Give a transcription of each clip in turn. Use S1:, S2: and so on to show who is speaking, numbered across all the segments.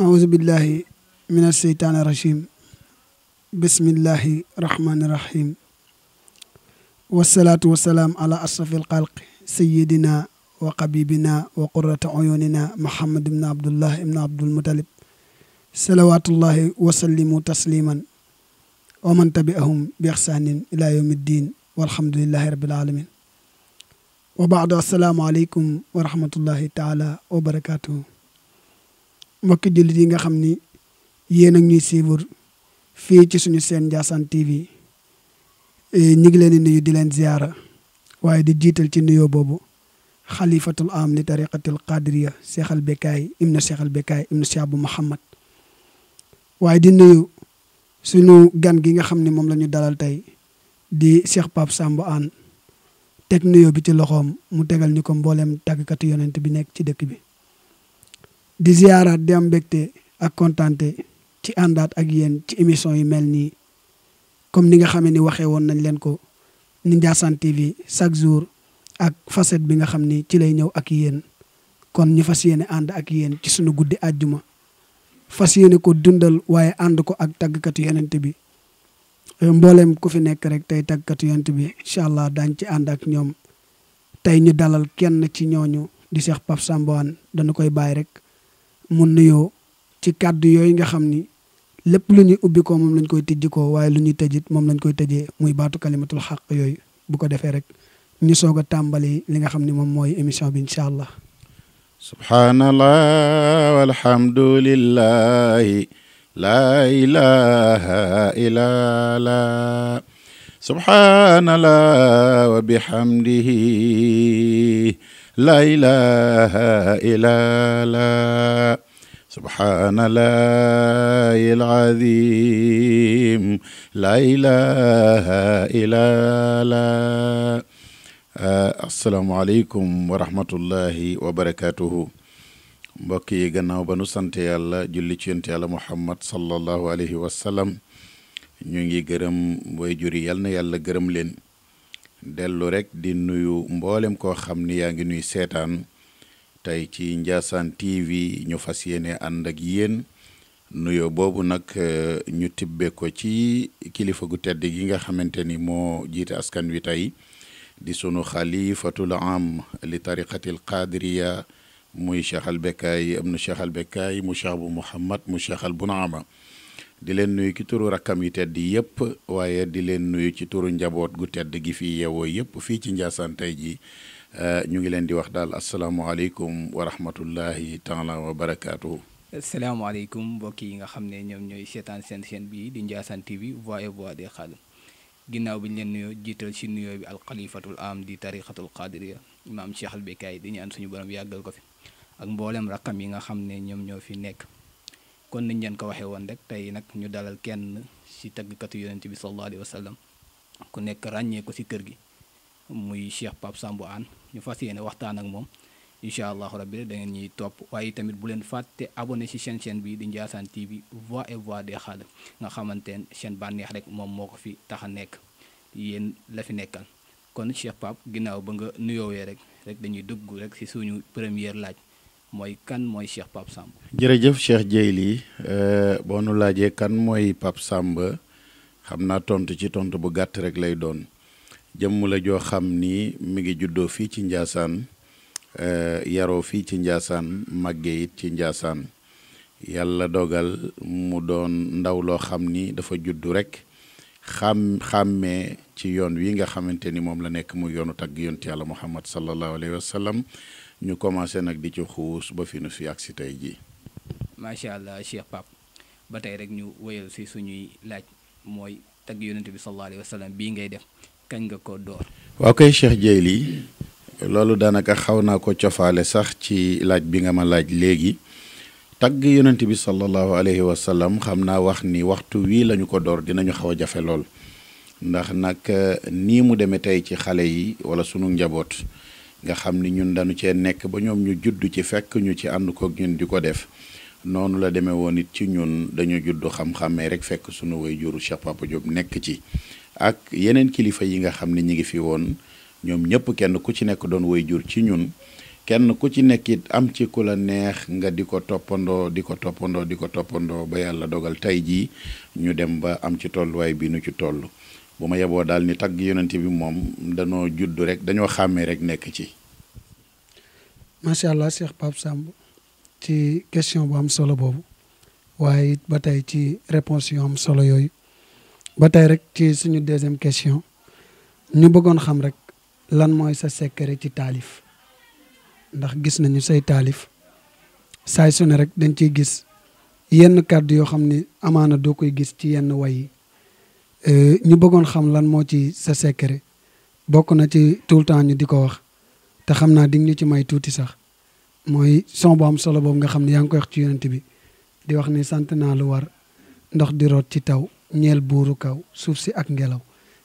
S1: أعوذ بالله من الشيطان الرجيم بسم الله الرحمن الرحيم والصلاة والسلام على أشرف الخلق سيدنا وقبيبنا وقرة عيوننا محمد بن عبد الله بن عبد المطلب صلوات الله وسلموا تسليما ومن تبعهم بإحسان إلى يوم الدين والحمد لله رب العالمين وبعد السلام عليكم ورحمة الله تعالى وبركاته mbokki jullit yi nga xam ni yéen ak ñuy suivre fii ci suñu seen Ndiassane TV eh, ñi ngi leen di nuyu di leen ziyaara waaye di jiital ci nuyoo boobu xalifatul am li tariqatul qadiriya Cheikh al bekay ibn Cheikh al bekay ibn Cheikh Abou Mouhamad waaye di nuyu suñu gan gi nga xam ne moom la ñu dalal tey di Cheikh Pape sambo an teg nuyoo bi ci loxoom mu tegal ñu ko mbooleem tàggkatu yonent bi nekk ci dëkk bi di ziaraat di am mbégte ak kontante ci àndaat ak yéen ci émission yi mel nii comme ni nga xamee ni waxee woon nañ leen ko ni Ndiassane TV chaque jour ak facette bi nga xam ni ci lay ñëw ak yéen kon ñu fas yéene ànd ak yéen ci suñu guddi àjjuma fas yéene ko dundal waaye ànd ko ak tàggkatu yonent bi mbooleem ku fi nekk rek tey tàggkatu yonent bi incha allah daañ ci ànd ak ñoom tey ñu dalal kenn ci ñooñu di Cheikh Pape Samba Wane koy bàyyi rek mu nuyo ci kàddu yoy nga xamni lépp lu ñuy ubbi ko mom lañ koy tijji ko waye lu ñuy tëjit lañ koy tëjee muy batu kalimatul haqq yoy bu ko defé rek ñu soga tàmbali li nga xamni mom moy émission bi incha allah.
S2: subhanallah walhamdulillahi la ilaha illallah subhanallah wa bihamdihi لا إله إلا لا سبحان الله العظيم لا إله إلا لا السلام عليكم ورحمة الله وبركاته mbokk yi gannaaw ba nu sant yàlla julli ci yonent yàlla muhammad sallallahu alayhi wa sallam ñu ngi gërëm way juri yal na yàlla gërëm leen dellu rek di nuyu mboolem koo xam ni yaa ngi nuy seetaan tey ci Ndiassane TV ñu fas yéene ànd ak yéen nuyo boobu nag eh, ñu tibbe ko ci kilifa gu tedd gi nga xamante ni moo jiite askan wi tey di sunu xalifatul am li tariqatil qadiriya muy Cheikh Albekaay am na Cheikh Albekaay mu Cheikh bu Mouhamad mu Cheikh Albunaama di leen nuyu ki turu rakkam yu tedd yëpp waaye di leen nuyu ci turu njaboot gu tedd gi fii yeewoo yëpp fii ci Njaasaan tey jii euh, ñu ngi leen di wax daal asalaamualeykum wa rahmatullahi taala wa barakaatu.
S3: salaamaaleykum mbokk yi nga xam ne ñoom ñooy seetaan seen chaîne bii di Ndiassane bi voix et voix des ginnaaw bi ñu leen nuyoo jiital ci nuyoo bi alxalifatul am di tariqatul qaadiriya imaam Cheikh Albekaay di ñaan suñu borom yàggal ko fi ak mboolem rakkam yi nga xam ne ñoom ñoo fi nekk. kon niñ len ko waxe won rek tay nak ñu dalal kenn tagg katu yoonte bi sallallahu alaihi wasallam ku nek ragne ko si kër gi muy cheikh pap sambu an ñu fasiyene waxtaan ak mom inshallah rabbi da ngeen ñi top waye tamit bu len fàtte abonné ci chaîne chaîne bi di ndiasan TV voix et voix des xaal nga xamantene chaîne banex rek mom moko ko fi taxa nek yeen la fi nekkal kon cheikh pap ginaaw ba nga rek rek dañuy dugg rek si suñu première laaj moy kan moy cheikh pap samb
S2: jeuf cheikh jeyli euh, boo nu laje kan moy pap samb xamna tontu ci tontu bu gatt rek lay doon jëm la jo xamni ni mi ngi juddo fi ci euh yaro fi ci njaasan magge it ci njaasan yalla dogal mu doon ndaw lo xamni ni dafa juddu rek xam xamé ci yoon wi nga xamanteni mom la nek mu yoonu tag yonti yalla muhammad sallallahu alaihi wasallam ñu commencé nak di ci xuus ba fi nu fi ak si tey jii
S3: macha allah cheikh pap ba tay rek ñu wëyel ci suñuy laaj moy tag yonente bi sallallahu alayhi wasallam bi ngay def kañ nga ko door
S2: wa kay cheikh jey lolu danaka xawna ko ciofale sax ci laaj bi nga ma laaj legi tag bi sallallahu alayhi wasallam xamna wax ni waxtu wi lañu ko door dinañu xawa jafé ndax nak eh, nii mu demee tay ci xalé yi wala sunu njabot nga xam ni ñun dañu cee nekk ba ñoom ñu judd ci fekk ñu ci ànd kook ñun di ko def noonu la demee woon it ci ñun dañu judd xam-xamee rek fekk sunu way juru Cheikh Papa Diop nekk ci ak yeneen kilifa yi nga xam ne ñi ngi fi woon ñoom ñëpp kenn ku ci nekk doon way jur ci ñun kenn ku ci nekkit am ci ku la neex nga di ko toppandoo di ko toppandoo di ko toppandoo ba yàlla dogal tey jii ñu dem ba am ci tolluwaay bii nu ci toll bu ma yeboo daal ni tagg yonent bi moom dañoo juddu rek dañoo xàmmee rek nekk ci.
S1: macha allah Cheikh Pape Samb ci question bu am solo boobu waaye it ba tey ci réponse solo yooyu ba tey rek ci suñu deuxième question ñu bëggoon xam rek lan mooy sa secret ci taalif ndax gis nañu say taalif saay su rek dañ ciy gis yenn kàdd yoo xam ne amaana doo koy gis ci yenn way yi Euh, ñu bëggoon xam lan moo ci sa secret bokk na ci tout le temps ñu di ko wax te xam naa di ñu ci may tuuti sax mooy son bu am solo boobu nga xam ne yaa ngi koy wax ci yonent bi di wax ni sant naa lu war ndox di root ci taw ñeel buuru kaw suuf si ak ngelaw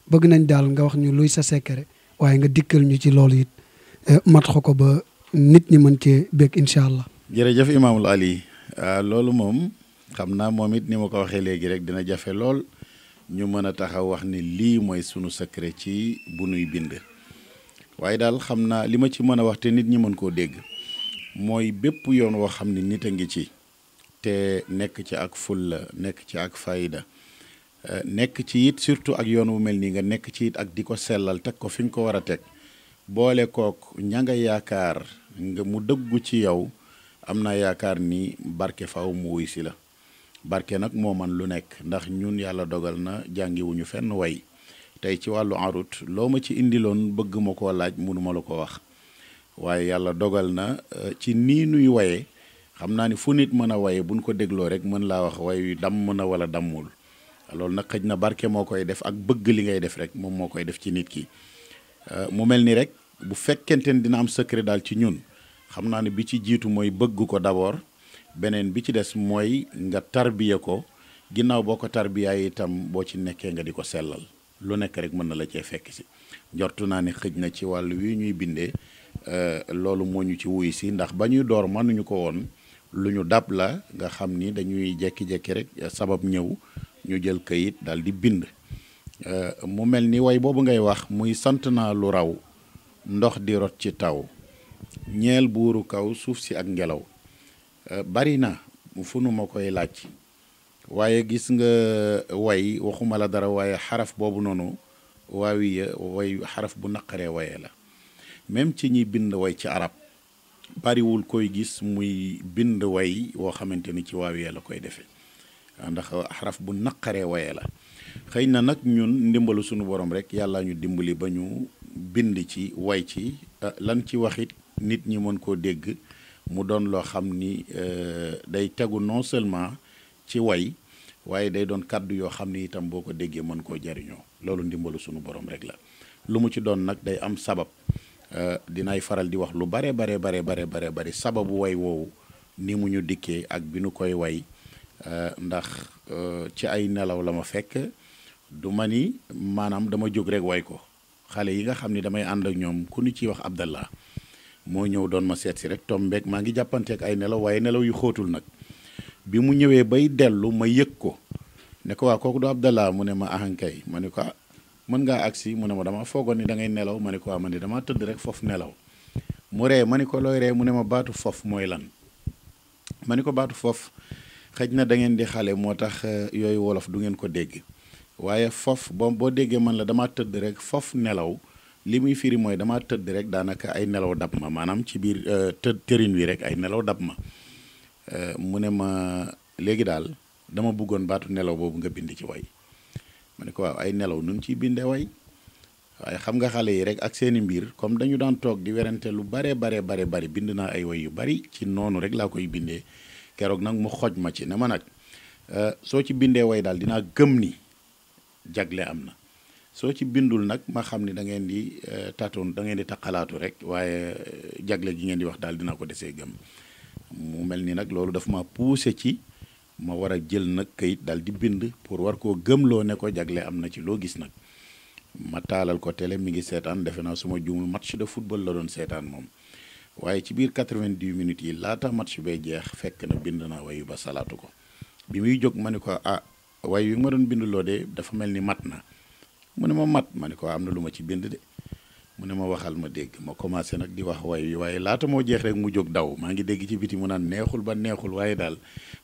S1: bëgg nañ daal nga wax ñu luy sa secret waaye nga dikkal ñu ci loolu it euh, mat ko ko ba nit ñi mën cee bég incha allah.
S2: jërëjëf Imaamul Ali euh, loolu moom xam naa moom it ni ma ko waxee léegi rek dina jafe lool. ñu mën a taxaw wax ni lii mooy sunu secret ci bu nuy bind waaye daal xam naa li ma ci mën a wax te nit ñi mën koo dégg mooy bépp yoon woo xam ne nit a ngi ci te nekk ci ak fulla nekk ci ak fayda eh, nekk ci it surtout ak yoon wu mel nii nga nekk ci it ak di ko sellal teg ko fi nga ko war a teg boole kook ña nga yaakaar nga mu dëggu ci yow am naa yaakaar ni barke faaw mu wuy si la barke nag moo man lu nekk ndax ñun yàlla dogal na jàngiwuñu fenn way tey ci wàllu arut loo ma ci indiloon bëgg ma koo laaj mënuma la ko wax waaye yàlla dogal na euh, ci nii nuy waye xam naa ni fu nit mën a waye buñ ko dégloo rek mën laa wax way yu damm na wala dammul loolu nag xëj na barke moo koy def ak bëgg li ngay def rek moom moo koy def ci nit ki euh, mu mel ni rek bu fekkente ni dina am secret daal ci ñun xam naa ne bi ci jiitu mooy bëgg ko d'abord beneen bi ci des mooy nga tarbiya ko ginnaaw boo ko tarbiyaay itam boo ci nekkee nga di ko sellal lu nekk rek mën na la cee fekk si jortu naa ne xëj na ci wàll wi ñuy bindee euh, loolu moo ñu ci wuy si ndax ba ñuy door mënuñu ko woon lu ñu dab la nga xam ni dañuy jekki-jekki rek euh, sabab ñëw ñu jël kayit dal di bind euh, mu mel ni way boobu ngay wax muy sant naa lu raw ndox di rot ci taw ñeel buuru kaw suuf si ak ngelaw Eh, bari na fu nu ma koy laaj waaye gis nga eh, way waxuma la dara waaye xaraf boobu noonu waawi way xaraf bu naqaree waye la même ci ñi bind way ci arab bariwul koy gis muy bind way woo xamante ni ci waawiye la koy defee ah, ndax xaraf bu naqaree waye la xëy na nag ñun ndimbalu sunu borom rek yàlla ñu dimbali ba ñu bind ci way ci eh, lan ci waxit nit ñi mën koo dégg mu doon loo xam ni euh, day tegu non seulement ci way waaye day doon kàddu yoo xam ni itam boo ko déggee mën koo jariñoo loolu ndimbalu sunu borom rek la lu mu ci doon nag day am sabab euh, dinaay faral di wax lu bare bare bare bare bare bari sababu woy woowu ni mu ñu dikkee ak bi nu koy way euh, ndax ci ay nelaw la ma fekk du ma ni maanaam dama jóg rek way ko xale yi nga xam ni damay ànd ñoom ku ñu ciy wax Abdallah moo ñëw doon ma seet si rek tombeek maa ngi jàppanteek ay nelaw waaye nelaw yu xóotul nag bi mu ñëwee bay dellu ma yëg ko ne ko waa kooku du Abdallah mu ne ma ahankay ma ne ko ah, mën ngaa agsi mu ne ma dama foogoon ni da ngay nelaw ma ne ko man de damaa tëdd rek foofu nelaw mu ree ma ne ko looy ree mu ne ma baatu foofu mooy lan ma ne ko baatu foofu xëj na da ngeen di xale moo tax eh, yooyu wolof du ngeen ko dégg waaye foofu boo boo déggee man la dama tëdd rek foofu nelaw li muy firi mooy dama tëdd rek daanaka ay nelaw dab ma maanaam ci biir euh, tëdd tërin wi rek ay nelaw dab ma euh, mu ne ma léegi daal dama buggoon baatu nelaw boobu nga bind ci way ma ne ko waaw ay nelaw nun ciy bindee way waaye xam nga xale yi rek ak seeni mbiir comme dañu daan toog di werante lu bare bare bare bari bind naa ay way yu bari ci noonu rek laa koy bindee keroog nag mu xoj ma ci ne ma nag euh, soo ci bindee way daal dinaa gëm ni jagle am na soo ci bindul nag ma xam ni da ngeen di euh, tatoon dangeen ngeen di taqalaatu rek waaye euh, jagle gi ngeen di wax daal dinaa ko desee gëm mu mel ni nag loolu dafa ma poussé ci ma war a jël nag kayit daal di bind pour war koo gëmloo ne ko jagle am na ci loo gis nag ma taalal ko télé mi ngi seetaan defe naa suma juumul match de football la doon seetaan moom waaye ci biir 90 minutes yi laata match bee jeex fekk na bind naa wayu ba salaatu ko bi muy jóg ma ne ko ah way wi ma doon binduloo de dafa mel ni mat na mu ne ma mat ma ne ko am na lu ma ci bind de mu ne ma waxal ma dégg ma commencé nag di wax way wi waaye laata moo jeex rek mu jóg daw maa ngi dégg ci biti mu naan neexul ba neexul waaye daal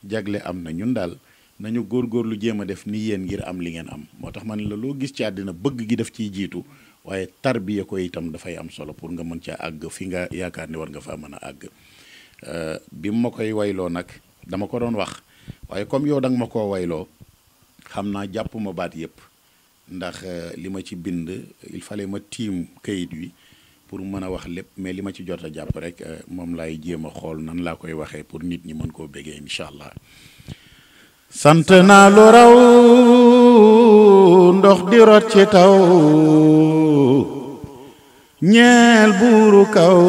S2: jagle am na ñun daal nañu góor góor lu jéem a def ni yéen ngir am li ngeen am moo tax ma ne la loo gis ci àddina bëgg gi daf ciy jiitu waaye tarbiya ko itam dafay am solo pour nga mën caa àgg fi nga yaakaar ni war nga fa mën a àgg euh, bi mu ma koy wayloo nag dama ko doon wax waaye comme yow da ma koo wayloo xam naa jàpp baat yëpp ndax euh, li ma ci bind il fallait ma tiim kayit wi pour mën a wax lépp mais li ma ci jot a jàpp rek euh, moom lay jéem a xool nan laa koy waxee pour nit ñi mën koo béggee incha allah. sant naa lu raw ndox di rot ci taw ñeel buuru kaw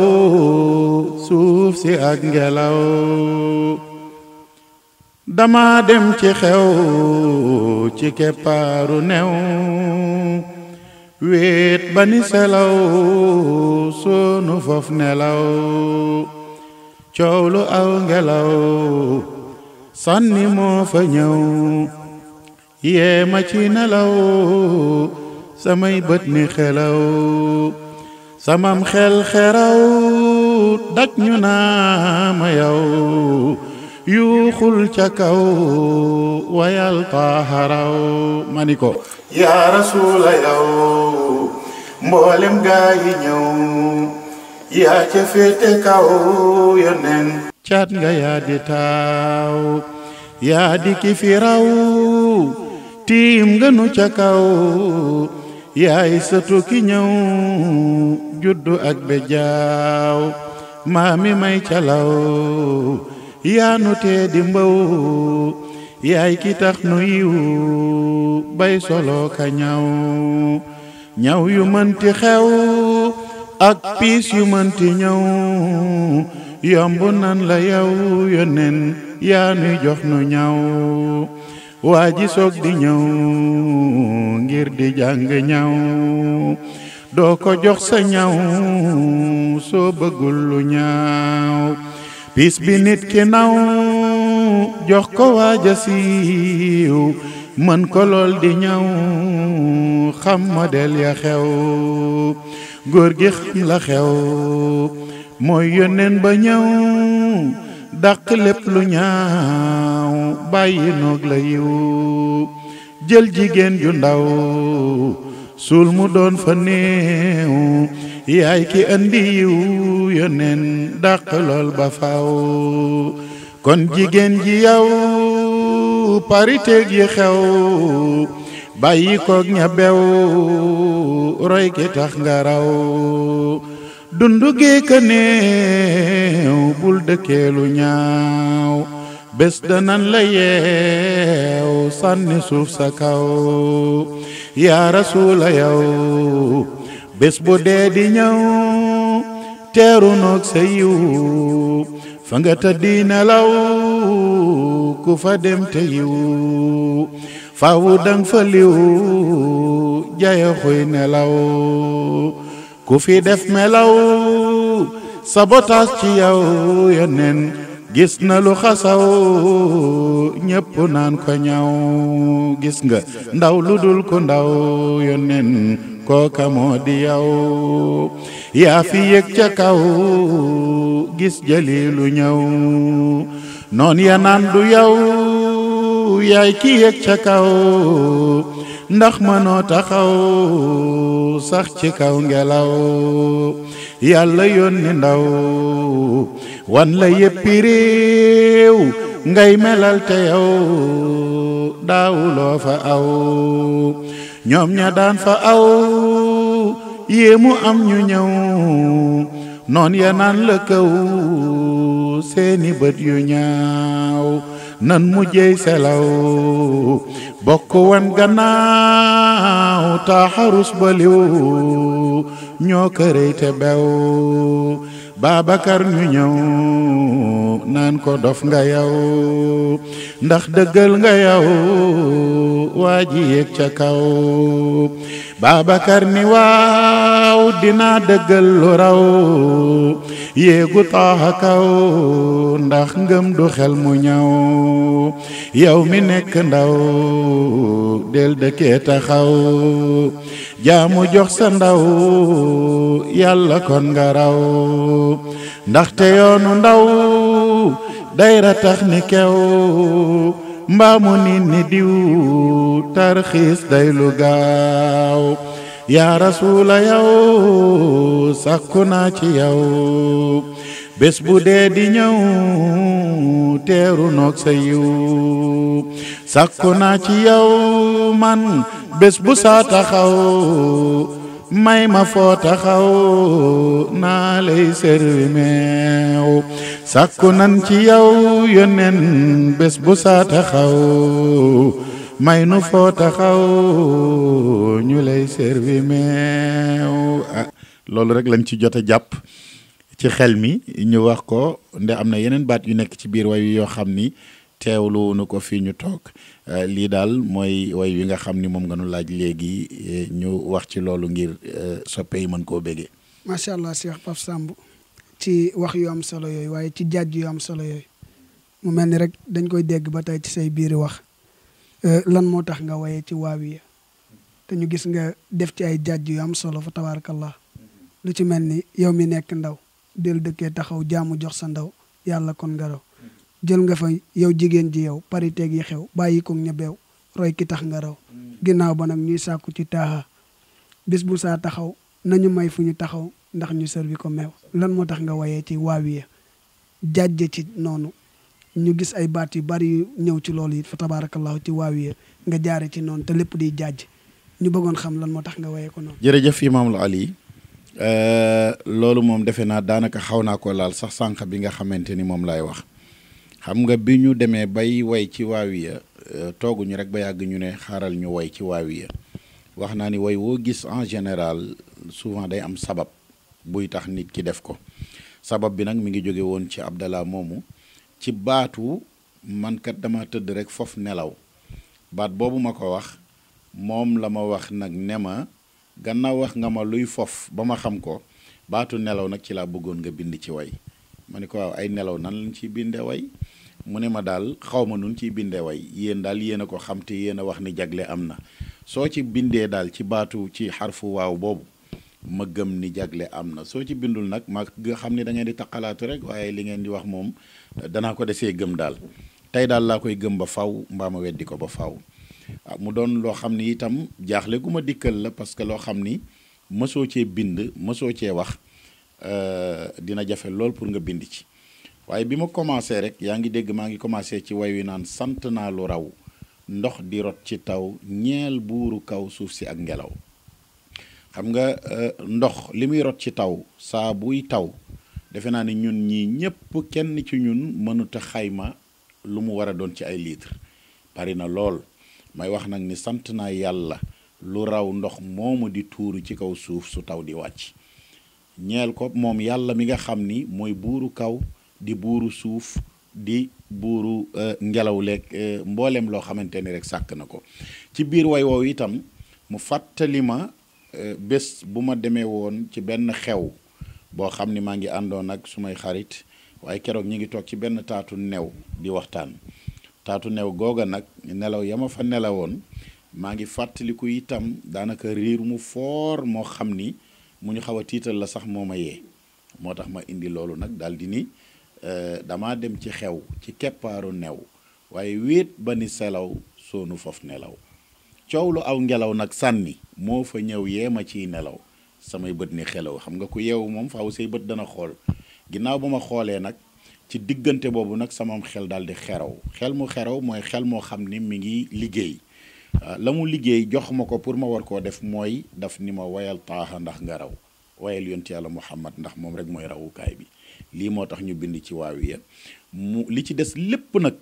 S2: suuf si ak ngelaw. dama dem ci xew ci keppaaru new wéet ba ni selaw sonu fof nelaw coow lu aw ngelaw sànni moo fa ñëw yee ma ci nelaw samay bët ni xelaw samam xel xeraw daj ñu naa ma yow yuuxul ca kaw wayal taaharaw ma yaa rasuula yow mboolem gaa ñëw yaa ca féete kaw yoneen caat nga yaa di taaw yaa di ki raw tiim nga nu ca kaw yaay sëtu ki ñëw juddu ak be jaaw maami may calaw Ya nu te di mbaw yaay ki tax nu bay solo ka ñaw ñaw yu ti xew ak pis yu ti ñëw yomb nan la yaw yonen ya nu jox nu ñaw waji sok di ñëw ngir di jang doko do ko jox sa ñaw so beugul lu piis bi nit ki naw jox ko waaja siiw mën ko lool di ñaw xam modèle ya xew góor gi xam la xew mooy yónneen ba ñëw dàq lépp lu ñaaw bàyyi noog la yiw jël jigéen ju ndaw suul mu doon fa néew yaay ki andi yiw yónneen dàq lool ba faw kon jigéen ji yaw pariteeg yi xew bàyyi koog ña bew roy ki tax nga raw dundu geeka néew bul dëkkeelu ñaaw bés danan la yeew sànni suuf sa kaw yaa rasuula yow bés bu dee di ñëw teeru noog sa yiw tëddi nelaw ku fa dem te yiw faawu dang fa liw jaye xuy nelaw ku fi def melaw sabotaas ci yow yónneen gis na lu xasaw ñépp naan ko ñaw gis nga ndaw lu dul ko ndaw yónneen kooka moo di yow yaa fi yëg ca kaw gis jalilu ñëw noon ya naan lu yow yaay ki yëg ca kaw ndax mënoo taxaw sax ci kaw ngelaw yàlla yónni ndaw wan la yëppi réew ngay melal te yow daawuloo fa aw ñoom ña daan fa aw yéemu am ñu ñëw noon ya naan la kaw seeni bët yu ñaaw nan mujjey selaw bokk wan gannaaw taaxarus baliw ñoo kërëy te bew Babacar ñu ñëw naan ko dof nga yow ndax dëggal nga yow waa ji ca kaw Babacar ni waaw dinaa dëggal raw yéegu taaxa kaw ndax ngëm du xel mu ñaw yow mi nekk ndaw del dëkkee taxaw jaamu jox sa ndaw yàlla kon nga raw ndaxte yoonu ndaw day ratax ni kew mbaamu nit ni diw tarxiis day lu gaaw yaa rasuula yow sàkku naa ci yow bés bu dee di ñëw teeru noog sa yiw sàkku naa ci yow man bés bu saa taxaw may ma foo taxaw naa lay servi meew sàkku nan ci yow yónneen bés bu saa taxaw may nu fo taxaw ñu lay servi meew ah loolu rek lañ ci jot a jàpp ci xel mi ñu wax ko nde am na yeneen baat yu nekk ci biir wayu yoo xam ni teewlu nu ko fii ñu toog ah, lii daal mooy way yu nga xam ni moom nga nu laaj léegi eh, ñu wax ci loolu ngir eh, soppe yi mën koo béggee
S1: macha allah Cheikh paf Samb ci wax yu am solo yooyu waaye ci jajj yu am solo yooyu mu mel rek dañ koy dégg ba tey ci say biir wax Euh, lan moo tax nga waye ci waawiya te ñu gis nga def ci ay jàjj yu am solo fa tabaarakallah lu ci mel ni yow mi nekk ndaw del dëkkee taxaw jaamu jox sa ndaw yàlla kon nga raw jël nga fa yow jigéen ji yow parité yi xew bàyyi ko ña beew roy ki tax nga raw ginnaaw ba nag ñuy sàkku ci taaxa bis bu saa taxaw nañu may fu ñu taxaw ndax ñu servi ko meew lan moo tax nga wayee ci waawiya jàjje ci noonu ñu gis ay baat yu bari ñëw ci loolu yi fa tabaarakallaahu ci waawiya nga jaare ci noonu te lépp di jàjj ñu bëggoon xam lan moo tax nga wayee ko noonu.
S2: jërëjëf Imaamul Ali euh, loolu moom defe naa daanaka xaw naa ko laal sax sànq bi nga xamante ni moom laay wax xam nga bi ñu demee bay way ci waawiya euh, tooguñu rek ba yàgg ñu ne xaaral ñu way ci waawiya wax naa ni way woo gis en général souvent day am sabab buy tax nit ki def ko sabab bi nag mu ngi jóge woon ci Abdallah moomu. ci baatu mankat dama tëdd rek foofu nelaw baat boobu ma ko wax moom la ma wax nag ne ma gannaaw wax nga ma luy fof ba ma xam ko baatu nelaw nag ci laa bëggoon nga bind ci way ma ne ko waaw ay nelaw nan lañ ci bindee way mu ne ma daal xaw ma nun ciy bindee way yéen daal yéen a ko xam te yéen a wax ni jagle am na soo ci bindee daal ci baatu ci xarfu waaw boobu ma gëm ni jagle am na soo ci bindul nag ma nga xam ne dangeen di di taqalaatu rek waaye li ngeen di wax moom danaa ko desee gëm daal tey daal laa koy gëm ba faw mbaa ma weddi ko ba faw ah, mu doon loo xam ni itam jaaxle gu ma dikkal la parce que loo xam ni mësoo cee bind mësoo cee wax euh, dina jafe lool pour nga bind ci waaye bi ma commencé rek yaa ngi dégg maa ngi commencé ci way wi naan sant naa lu raw ndox di rot ci taw ñeel buuru kaw suuf si ak ngelaw xam nga euh, ndox li muy rot ci taw saa buy taw defe naa ne ñun ñii ñëpp kenn ci ñun mënuta xayma lu mu war a doon ci ay litre bari na lool may wax nag ni sant naa yàlla lu raw ndox moomu di tuuru ci kaw suuf su taw di wàcc ñeel ko moom yàlla mi nga xam ni mooy buuru kaw di buuru suuf di buuru euh, ngelaw leeg euh, mbooleem loo xamante ni rek sàkk na ko ci biir way woow itam mu fàttali ma euh, bés bu ma demee woon ci benn xew boo xam ni maa ngi àndoon ak sumay xarit waaye keroog ñu ngi toog ci benn taatu new di waxtaan taatu new googa nag nelaw ya ma fa nelawoon maa ngi fàttaliku itam daanaka riir mu foor moo xam ni mu ñu xaw a tiital la sax moo ma yee moo tax ma indi loolu nag daldi di ni eh, dama dem ci xew ci keppaaru new waaye wéet ba ni selaw soonu foofu nelaw coow lu aw ngelaw nag sànni moo fa ñëw yee ma ciy nelaw samay bët ni xelaw xam nga ko yeewu moom faaw say bët dana xool ginnaaw ba ma xoolee nag ci diggante boobu nag sama xel daal di xeraw xel mu xeraw mooy xel moo xam ni mi ngi liggéey ah, la mu liggéey jox ma ko pour ma war koo def mooy daf ni ma wayal taaxa ndax nga raw wayal yonti yàlla muhammad ndax moom rek mooy rawukaay bi lii moo tax ñu bind ci waawiya mu li ci des lépp nag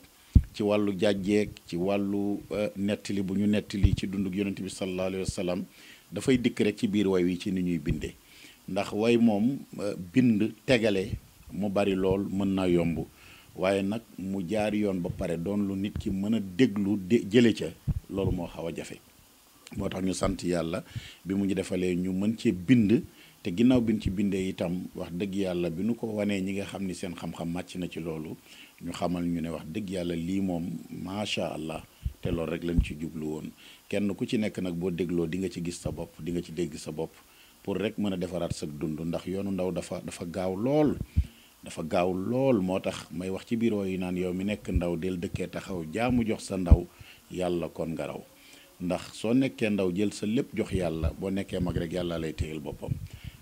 S2: ci wàllu jàjjeeg ci wàllu eh, nettali bu ñu nettali ci dunduk yonent bi sallallahu alayhi wa dafay dikk rek ci biir woy wi ci ni ñuy bindee ndax way moom euh, bind tegale mu bari lool mën naa yomb waaye nag mu jaar yoon ba pare doon lu nit ki mën a déglu dé jële ca loolu moo xaw a jafe moo tax ñu sant yàlla bi mu ñu defalee ñu mën ci bind te ginnaaw bi ci bindee itam wax dëgg yàlla bi nu ko wanee ñi nga xam ni seen xam-xam màcc na ci loolu ñu xamal ñu ne wax dëgg yàlla lii moom macha allah te loolu rek lañ ci jublu woon kenn ku ci nekk nag boo dégloo di nga ci gis sa bopp di nga ci dégg sa bopp pour rek mën a defaraat sa dund ndax yoonu ndaw dafa dafa gaaw lool dafa gaaw lool moo tax may wax ci biir bureau yi naan yow mi nekk ndaw del dëkkee taxaw jaamu jox sa ndaw yàlla kon nga raw ndax soo nekkee ndaw jël sa lépp jox yàlla boo nekkee mag rek yàlla lay téyel boppam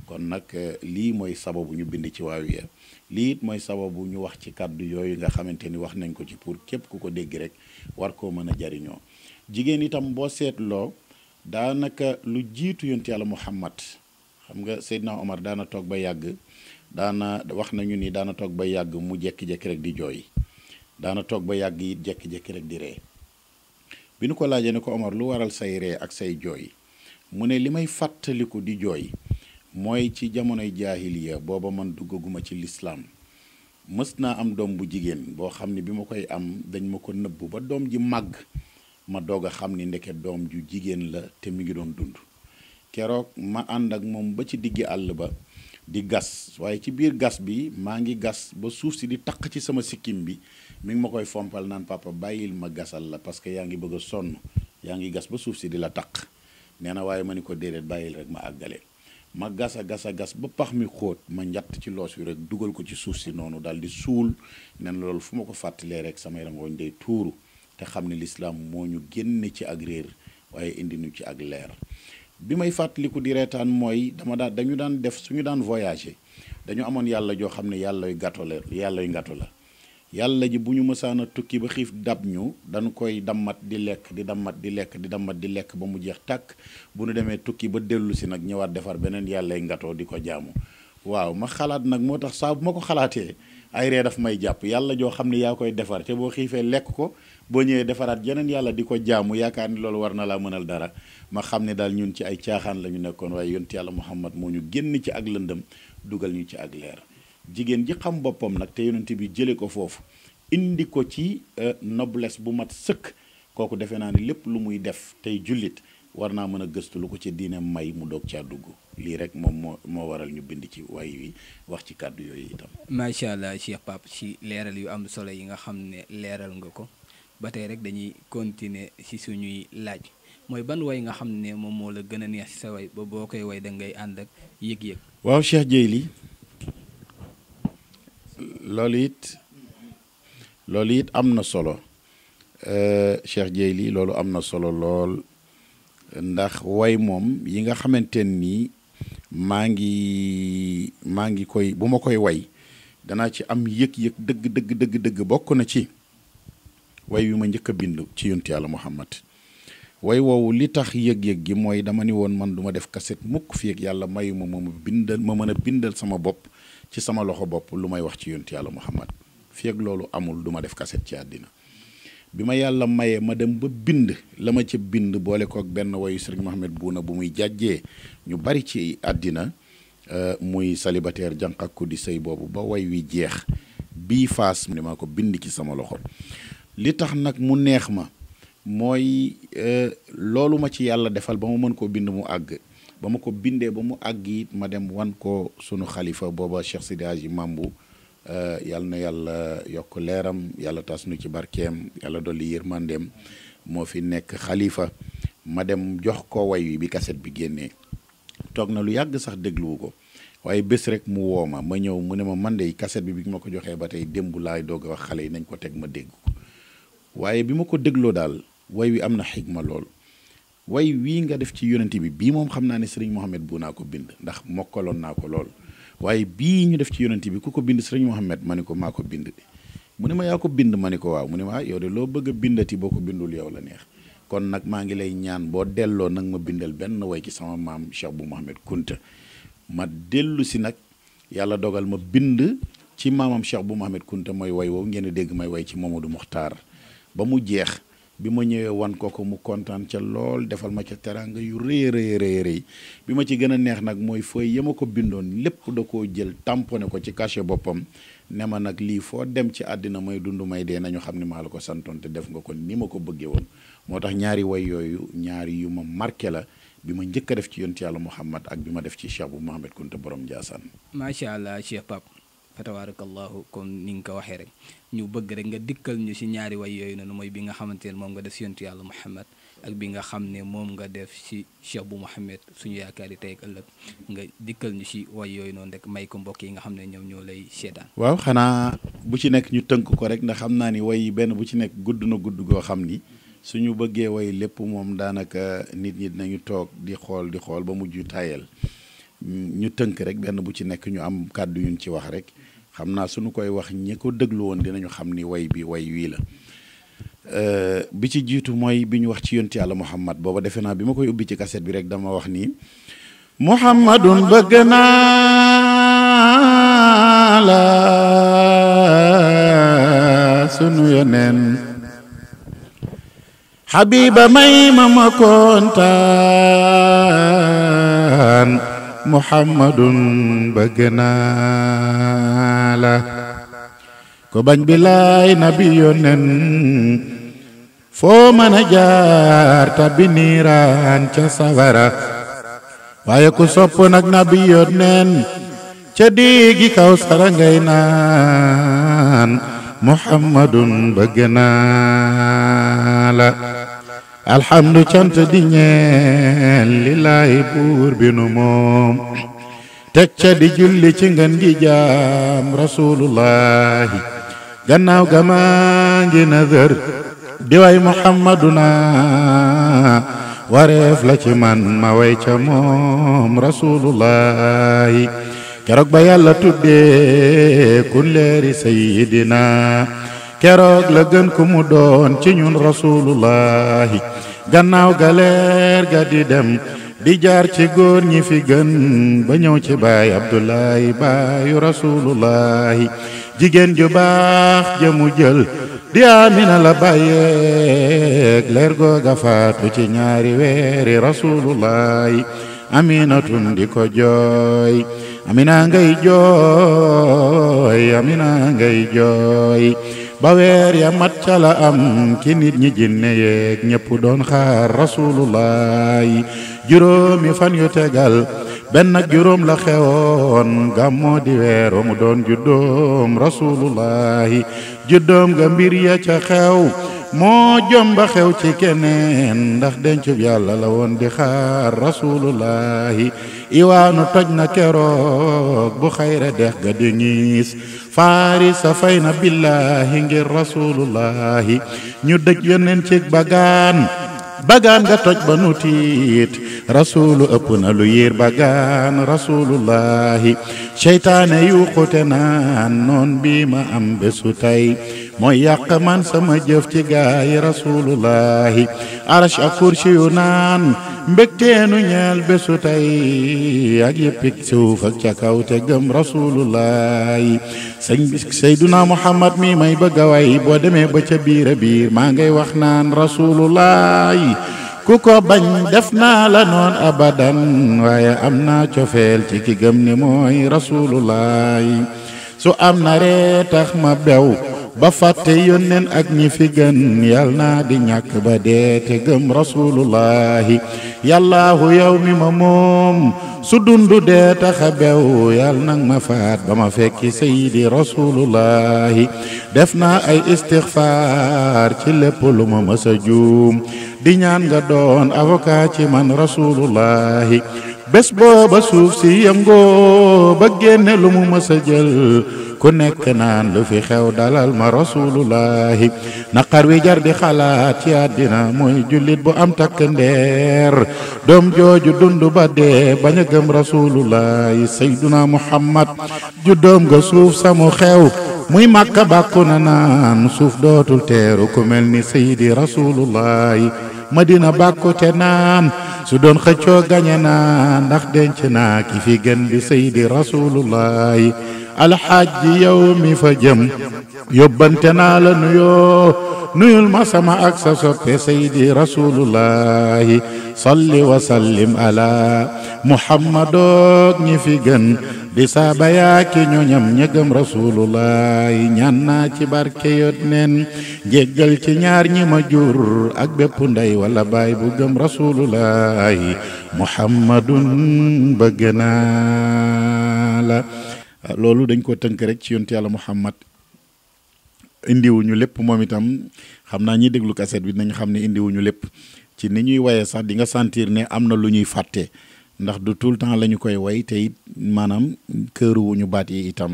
S2: kon nag eh, lii mooy sababu ñu bind ci Waawiya lii it mooy bu ñu wax ci kàddu yooyu nga xamante ni wax nañ ko ci pour képp ku ko dégg rek war koo mën a jariñoo jigéen itam boo seetloo daa daanaka lu jiitu yonti yàlla muhammad xam nga Seydina Omar daana toog ba yàgg daana wax nañu ni daana toog ba yàgg mu jekki-jekki rek di jooy daana toog ba yàgg it jekki rek di ree bi nu ko laajee ne ko Omar lu waral say ree ak say jooy mu ne li may fàttaliku di jooy mooy ci jamonoy jaahiliya booba man duggaguma ci lislaam mës naa am doom bu jigéen boo xam ne bi ma koy am dañ ma ko nëbb ba doom ji màgg ma doog a xam ni ndeke doom ju jigéen la te mi ngi doon dund keroog ma ànd ak moom ba ci diggi àll ba di gas waaye ci biir gas bi maa ngi gas ba suuf si di taq ci sama sikkim bi mi ma koy fompal naan papa bàyyil ma gasal la parce que yaa ngi bëgg sonn yaa ngi gas ba suuf si di la taq nee na waaye ma ni ko déedéet bàyyil rek ma àggale ma gas a gas a gas ba pax mi xóot ma njatt ci loos wi rek dugal ko ci suuf si noonu daal di suul nen loolu fu ma ko fàttalee rek sama yaram woñ day tuuru te xam ne lislaam moo ñu génne ci ak réer waaye indi ñu ci ak leer bi may fàttaliku di reetaan mooy dama daan dañu daan def su ñu daan voyager dañu amoon yàlla joo xam ne yàllay gàtto la yàllay ngàtto la yàlla ji bu ñu mësaana tukki ba xiif dab ñu dañu koy dammat di lekk di dammat di lekk di dammat di lekk ba mu jeex tàkk bu nu demee tukki ba dellu si nag ñëwaat defar beneen yàllay ngatoo di ko jaamu waaw ma xalaat nag moo tax saa bu ma ko xalaatee ay ree daf may jàpp yàlla joo xam ne yaa koy defar te boo xiifee lekk ko boo ñëwee defaraat jeneen yàlla di ko jaamu yaakaar ni loolu war na laa mënal dara ma xam ne daal ñun ci ay caaxaan la ñu nekkoon waaye yonent yàlla Muhammad moo ñu génn ci ak lëndëm dugal ñu ci ak leer jigéen ji xam boppam nag te yonent bi jëlee ko foofu indi ko ci euh, noblesse bu mat sëkk kooku defe naa ni lépp lu muy def tey jullit war naa mën a gëstu lu ko ci diine may mu doog caa dugg lii rek moom moo moo waral ñu bind ci way wi wax ci kàddu yooyu itam.
S3: macha allah Cheikh Pape ci leeral yu am solo yi nga xam ne leeral nga ko ba tey rek dañuy continuer ci suñuy laaj mooy ban way nga xam ne moom moo la gën a neex ci sa way ba boo koy way da ngay ànd ak yëg-yëg.
S2: waaw Cheikh Dieyli loolu it loolu it am na solo euh, Cheikh Dieyli loolu am na solo lool. ndax way moom yi nga xamante nii maa ngi maa ngi koy bu ma koy way danaa ci am yëg-yëg dëgg dëgg dëgg dëgg bokk na ci way wi ma njëkk a bind ci yontu yàlla Muhammad way woowu li tax yëg-yëg gi mooy dama ni woon man duma def kaset mukk fi ak yàlla mayu ma ma bindal ma mën a bindal sama bopp ci sama loxo bopp lu may wax ci yontu yàlla Muhammad fi ak loolu amul duma def kaset ci àddina bi ma yàlla mayee ma dem ba bind la ma ca bind boole ko ak benn woyu Serigne Mohamed Bouna bu muy jàjjee ñu bari ci àddina euh, muy célibataire jànq ak ku di sëy boobu ba woy wi jeex bii faas ni ma ko bind ci sama loxo li tax nag mu neex ma mooy euh, loolu ma ci yàlla defal ba ma mën koo bind mu àgg ba ma ko bindee ba mu àgg it ma dem wan ko sunu xalifa booba Cheikh Sidi Hadji Mambou Euh, yal na yàlla yokk leeram yàlla tas nu ci barkeem yàlla dolli dem moo fi nekk xalifa ma dem jox ko way wi bi kaset bi génnee toog na lu yàgg sax dégluwu ko waaye bés rek mu woo ma ma ñëw mu ne ma man de kaset bi bi ma ko joxee ba tey démb laay doog a wax xale yi nañ ko teg ma dégg ko waaye bi ma ko dégloo daal way wi am na xigma lool way wii nga def ci yonent bi bii moom xam naa ne Serigne Mohamed bu naa ko bind ndax mokkaloon naa ko lool waaye bii ñu def ci yonent bi ku ko bind sëriñ Mouhamed ma ne ko maa ko bind mu ne ma yaa ko bind ma ne ko waaw mu ne ma ah, yow de loo bëgg bindati boo ko bindul yow la neex kon nag maa ngi lay ñaan boo delloo nag ma bindal benn woy ci sama maam Cheikh bu Mouhamed Kunta ma dellu si nag yàlla dogal ma bind ci maamam Cheikh bu Mouhamed Kunta mooy way woowu ngeen dégg may woy ci Mamadou Mokhtar ba mu jeex bi ma ñëwee wan ko ko mu kontaan ca lool defal ma ca teraanga yu rëy rëy bi ma ci gën a neex nag mooy feuille ya ma ko bindoon lépp da koo jël tamponné ko ci cachet boppam ne ma nag lii foo dem ci àddina may dund may dee nañu xam ne maa la ko santoon te def nga ko ni ma ko bëggee woon moo tax ñaari way yooyu ñaari yu ma marqué la bi ma njëkk a def ci yonti yàlla Muhammad ak bi ma def ci Cheikh bu Mohamed Kunta borom Ndiassane.
S3: macha allah Cheikh Pape fa tabaarakallahu comme ni nga ko waxee rek. ñu bëgg rek nga dikkal ñu ci ñaari way yooyu noonu mooy bi nga xamante ne moom nga def ci yontu yàlla Muhammad ak bi nga xam ne moom nga def ci Cheikh bu Muhammad suñu yaakaar yi tey ak ëllëg nga dikkal ñu ci way yooyu noonu rek may ko mbokk yi nga xam ne ñoom ñoo lay seetaan.
S2: waaw xanaa bu ci nekk ñu tënk ko rek ndax xam naa ni way yi benn bu ci nekk gudd na gudd goo xam ni suñu bëggee way lépp moom daanaka nit ñi dinañu toog di xool di xool ba mujj tayel ñu tënk rek benn bu ci nekk ñu am kàddu yuñ ci wax rek xam naa suñu koy wax ñi ko déglu woon dinañu xam ni way bi way wii la euh, bi ci jiitu mooy bi ñu wax ci yonti yàlla muhammad booba defe naa bi ma koy ubbi ci kaset bi rek dama wax nii muhammadun bëgg naa la sunu yoneen xabiba may ma ma kontaan muhammadun bëgg naa la ko bañ bi laay nabi yonen foo jaar tabbi ca sawara waaye ku sopp nag nabi yonen ca digi kaw sara ngay naan muhammadun alhamdu cant di ñeel lillaahi buur bi nu moom teg ca di julli ci ngën gi jaam rasulullahi gannaaw gamaa ngi nazar di way muhammaduna wareef la ci man ma way ca moom rasulullahi keroog ba yàlla tuddee kun leeri sayidina keroog la gën ku mu doon ci ñun rasulullahi gannaaw galeer ga di dem di jaar ci góor ñi fi gën ba ñëw ci baay abdullahi baayu rasulullahi jigéen ju baax jëmu jël di amina la bàyyeeg leer googa faatu ci ñaari weeri rasulullahi aminatun di ko jooy amina ngay jooy amina ngay jooy baweer ya mat ca la am ki nit ñi jinne yeeg ñëpp doon xaar rasulullaay juróomi fan yu tegal benn juróom la xewoon gàmmoo di weer wa mu doon juddoom rasulullaay juddoom ga mbir ya ca xew moo jomba xew ci keneen ndax dencub yàlla la woon di xaar rasulullahi iwaanu toj na keroog bu xayre dex ga di ngiis farisa fay na billahi ngir rasulullahi ñu dëj yoneen ci bagaan bagaan ga toj ba nu tiit rasuulu ëpp na lu yiir bagaan rasulullahi seytaane yuuxute naan noon bii ma am besu tey mooy yàq man sama jëf ci gaayi rasulullahi arash ak kursi yu naan mbégteenu ñeel bésu tey ak yëppik suuf ca kaw te gëm rasulullahi sëñ seyduna muhammad mi may bëgg a way boo demee ba ca biir biir maa ngay wax naan rasulullahi ku ko bañ def naa la noon abadan waaye am naa cofeel ci ki gëm ni mooy rasulullahi su am na ree ma bew ba fàtte yónneen ak ñi fi gën yal naa di ñàkk ba dee te gëm rasulullahi yàllaahu yow mi ma moom su dund dee taxa bew yal nag ma faat ba ma fekki sayidi rasulullahi def naa ay istixfaar ci lépp lu ma mës a juum di ñaan nga doon avocat ci man rasulullahi Besbo booba suuf si go ba génne lu mu mës jël ku nekk naan lu fi xew dalal ma rasulullahi naqar wi jar di xalaat ci àddina mooy jullit bu am takk ndeer doom jooju dund ba dee bañ a gëm rasulullahi sayduna muhammad ju doom ga suuf samu xew muy màkka bàkku na naan suuf dootul teeru ku mel ni rasulullahi ma dina bàkkute naan su doon xëccoo gañe naa ndax denc naa ki fi gën di seydi rasulullahi alxaaji yow mi fa jëm yóbbante naa la nuyoo nuyul ma sama ak sa soppe saydi rasulullahi salli wa sallim ala muhammadoog ñi fi gën di saaba yaa ki ñoñam ñëgëm rasulullahi ñaan naa ci barke yot neen jéggal ci ñaar ñi ma ak bépp ndey wala baay bu gëm rasulullahi muhammadun bëgg naa la Ah, loolu dañ ko tënk rek ci yontu yàlla Muhammad indiwuñu lépp moom itam xam naa ñi déglu kaset bi nañ xam ne indiwuñu lépp ci ni ñuy wayee sax di nga sentir ne am na lu ñuy fàtte ndax du tout le temps lañu koy way te it maanaam këruwuñu baat yi itam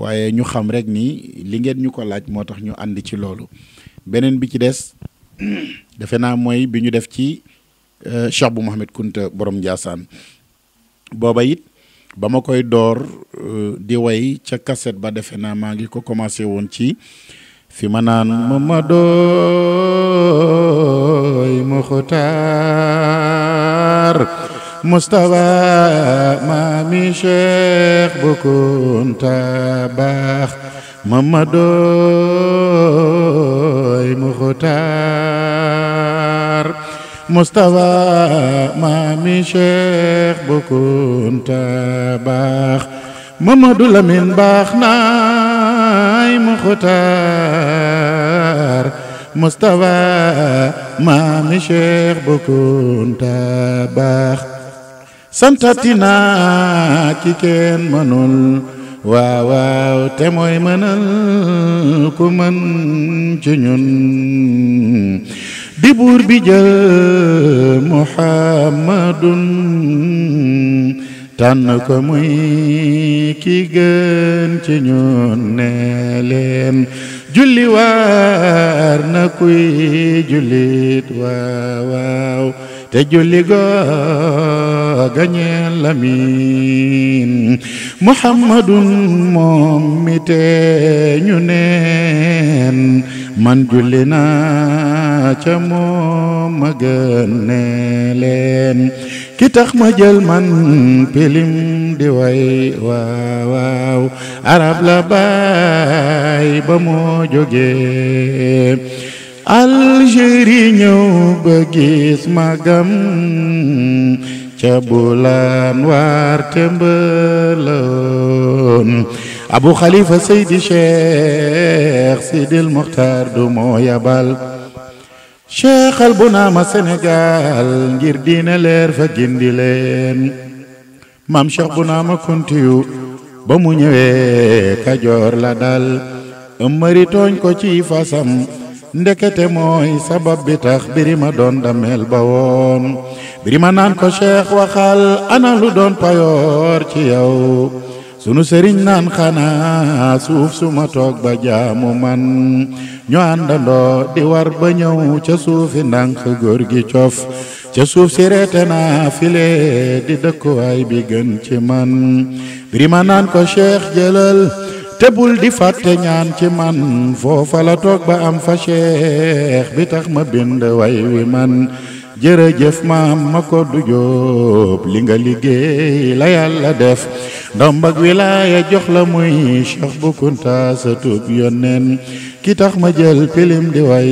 S2: waaye ñu xam rek ni li ngeen ñu ko laaj moo tax ñu ànd ci loolu beneen bi ci des defe naa mooy bi ñu def ci euh, Cheikh bu Mouhamed Kunta borom Ndiassane booba it ba ma koy door euh, di way ca kaset ba defe naa maa ngi ko commencé woon ci fi ma naan ma dooy Muxtaar Mustafa maami Cheikh bu Kunta baax ma Muxtaar Moustapha maami Cheikh bu Kunta baax Mamadou Lamine baax naay Muxtaar Moustapha maami Cheikh bu Kunta baax santati naa ki kenn mënul waaw waaw te mooy mënal ku mën ci di buur bi jël muhammadun tànn ko muy ki gën ci ñun ne leen julli waar na kuy jullit waawaaw te julli go gañeel lamin muhammadun moom mi tee ñu neen man julli naa ca moom ma gën ki tax ma jël man pilim di way waawaaw arab la baay ba moo jógee Algérie ñëw ba gis magam ca bulan waar ca abu xalifa seydi cheikh sidil muxtaar du moo yabal cheikhal bu naama sénégal ngir diina leer fa gindi leen maam cheikh bu kuntiyu ba mu ñëwee kajoor la dal ëmmëri tooñ ko ci fasam ndekete mooy sabab bi tax birima doon dameel ba woon biri ma naan ko cheikh waxal ana lu doon payoor ci yow sunu sëriñ naan xanaa suuf suma toog ba jaamu man ñu àndandoo di war ba ñëw ca suufi ndànk góor gi cof ca suuf si reete naa file di dëkkuwaay bi gën ci man biri ma naan ko cheikh jëlal tebul di fàtte ñaan ci man foofa la toog ba am fa cheikh bi tax ma bind way wi man jërëjëf maam ma ko jóob li nga liggéey la yàlla def ndombak wilaaya jox la muy cheikh bu kunta sa tub ki tax ma jël pilim di way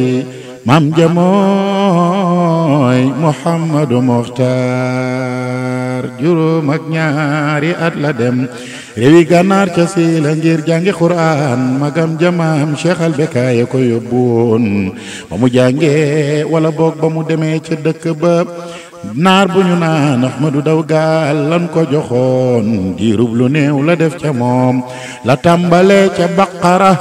S2: maam jamooy muhammadu muxtaar gànnaar juróom ak ñaari at la dem réewi gànnaar ca si la ngir jàngi xuraan magam jamaam cheikh albekaay ko yóbbu ba mu jàngee wala boog ba mu demee ca dëkk ba naar bu ñu naan ahmadu daw gaal lan ko joxoon diirub lu néew la def ca moom la tàmbale ca baqara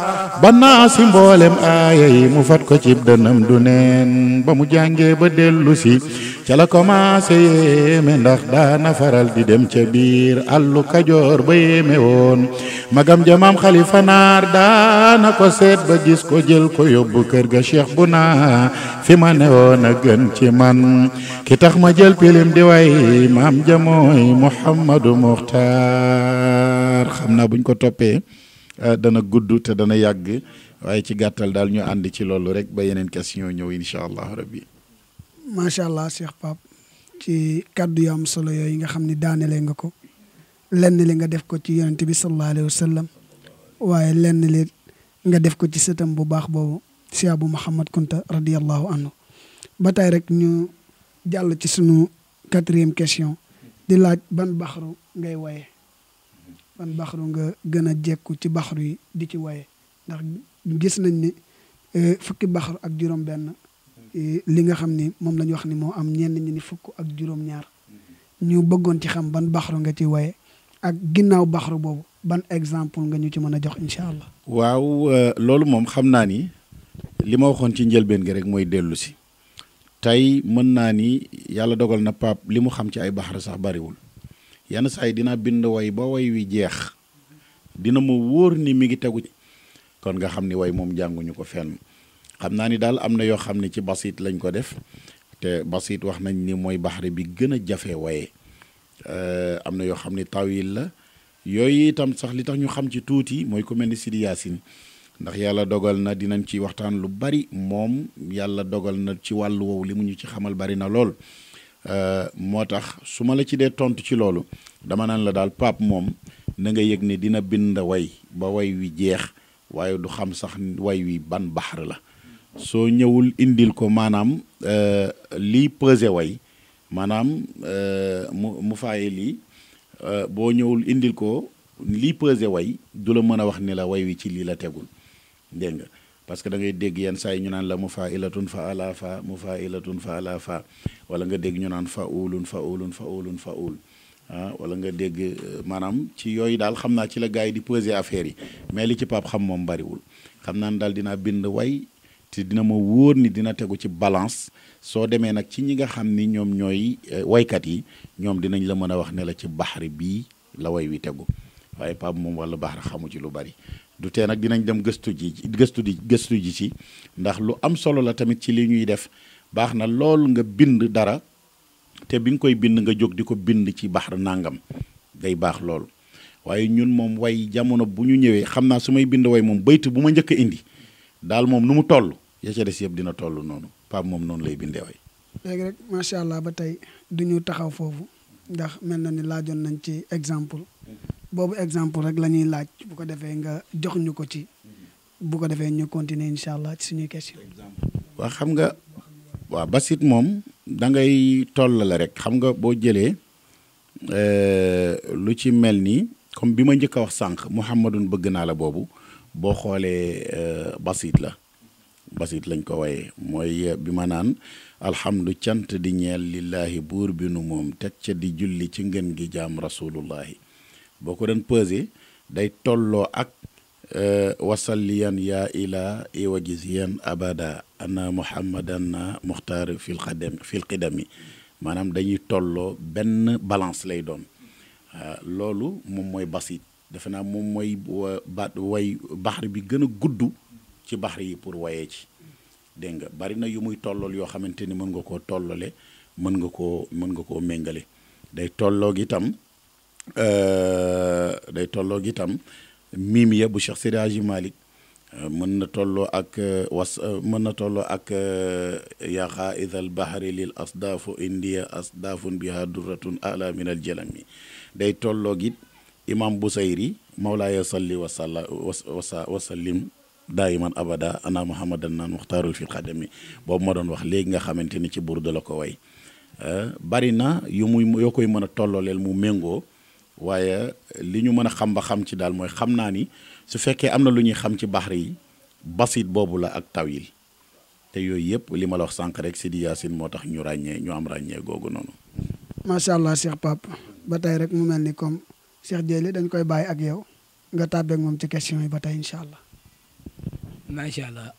S2: ba si mboolem aaya yi mu fat ko cib dënam du neen ba mu jàngee ba dellu ca la commencé ndax daana faral di dem ca biir kajoor ba yéeme woon magam jamaam xalifa naar daana ko seet ba gis ko jël ko yóbbu kër ga cheikh bu naa fi ma ne woon a gën ci man ki tax ma jël pilim di way maam jamooy muhammadu muxtaar xam naa buñ ko toppee ah, dana gudd te dana yàgg waaye ci gàttal daal ñu ànd ci loolu rek ba yeneen question ñëw incha allah rabbi
S1: masha allah Cheikh pap ci kaddu yam solo yoy nga xamni ne nga ko lenn li nga def ko ci bi sallallahu alayhi wa sallam waaye lenn li nga def ko ci setam bu bax bobu si abu Kunta radiyallahu anhu batay rek ñu jall ci sunu 4e question di laaj ban bahru ngay waye ban bahru nga gëna jekku ci bahru yi di ci waye ndax gis nañ ni eh, fukki bahru ak juroom benn li nga xam ni moom wax ni moo am ñenn ñu ni fukk ak juróom-ñaar ñu bëggoon ci xam ban baxaru nga ci waye ak ginnaaw baxaru boobu ban exemple nga ñu ci mën a jox incha allah.
S2: waaw euh, loolu moom xam naa ni li ma waxoon ci njëlbeen gi rek mooy dellu si tey mën naa ni yàlla dogal na pap li mu xam ci ay baxar sax bariwul yenn saa yi dina bind way ba way wi jeex dina ma wóor ni mi ngi tegu kon nga xam ni way moom jànguñu ko fenn. xam naa ni daal am na yoo ci basit lañ ko def te basit wax nañ ni moy bahri bi gëna jafe wayé euh amna yo xamni tawil la yoy itam sax li tax ñu xam ci tuuti moy ku melni Sidi yasin ndax yàlla dogal na dinañ ci waxtaan lu bari mom yàlla dogal na ci walu woowu limu ñu ci xamal bari na lool euh motax suma la ci dé tontu ci loolu dama nan la dal pap mom na nga yëg ne dina bind way ba way wi jeex waye du xam sax way wi ban bahr la soo ñëwul indil ko maanaam euh, lii pesé way maanaam euh, mu mu faaye lii euh, boo ñëwul indil ko lii pesé way du la mën a wax ni la way wi ci lii la tegul dégg nga parce que da ngay dégg yenn saa yi ñu naan la mu faa ilatun fa ala fa mu faa ilatun fa ala fa wala nga dégg ñu naan fa ulun fa ulun fa ulun fa ul ah wala nga dégg maanaam ci yooyu daal xam naa ci la gars yi di peser affaire yi mais li ci pap xam moom bariwul xam naa ne daal dinaa bind way te dina ma wóor ni dina tegu ci balance soo demee nag ci ñi nga xam ni ñoom ñooy eh, waykat yi ñoom dinañ la mën a wax ne la ci baxari bii la woy wi tegu waaye Pape moom wala baxar xamu ci lu bari du tee nag dinañ dem gëstu ji gëstu di gëstu ji ci ndax lu am solo la tamit ci li ñuy def baax na lool nga bind dara te bi nga koy bind nga jóg di ko bind ci baxar nàngam day baax lool waaye ñun moom way jamono bu ñu ñëwee xam naa su may bind woy moom baytu bu ma njëkk a indi daal moom nu mu toll ya de si yëpp dina toll noonu Pape moom noonu lay bindee way
S1: léegi rek macha allah ba tey du ñu taxaw foofu ndax mel na ni laajoon nañ ci exemple boobu exemple rek la ñuy laaj bu ko defee nga jox ñu ko ci bu ko defee ñu continuer incha allah ci suñuy question.
S2: waa xam nga waaw basit moom da ngay toll la rek xam nga boo jëlee eh, lu ci mel nii comme bi ma njëkk a wax sànq Mouhamadun bëgg naa la boobu boo xoolee eh, basit la. basit lañ ko waye mooy bi ma naan alhamdu cant di ñeel lillahi buur bi nu moom te ca di julli ci ngën gi jaam rasulullahi boo ko doon pesé day tolloo ak eh, wasalliyan yaa ilaa iwajisiyan abada ana muhammadan na muxtaar fil qadam fil qidami maanaam dañuy tolloo benn balance lay doon ah, loolu moom mooy basit defe naa moom mooy baat way baxar bi gën a gudd ci baxar yi pour woyee ci dégg nga bari na yu muy tollool yoo xamante ni mën nga koo tollale mën nga koo mën nga koo méngale day tolloog itam euh, day tolloog itam miim ya bu Cheikh Seydi euh, mën na tolloo ak euh, was mën na tolloo ak yaa xaaidal bahari lil asdaafu india asdaafun biha durratun ala min al jalami day tolloo it imam Busayri mawlaaya salli wasalla was wasallim daiman abada ana muhammadan nan muxtaarul fi qadami boobu ma don wax leg nga xamanteni ci bourde lako way bari na yu muy yokoy meuna tololel mu mengo waye liñu meuna xam ba xam ci dal moy xamna ni su fekke amna luñu xam ci bahri basit bobu la ak tawil te yoy yep li ma la wax sank rek Sidi yasin motax ñu ragne ñu am ràññee googu noonu.
S1: macha allah Cheikh pap batay rek mu melni comme Cheikh djeli dañ koy baye ak yow nga mom ci question yi batay inshallah
S3: macha allah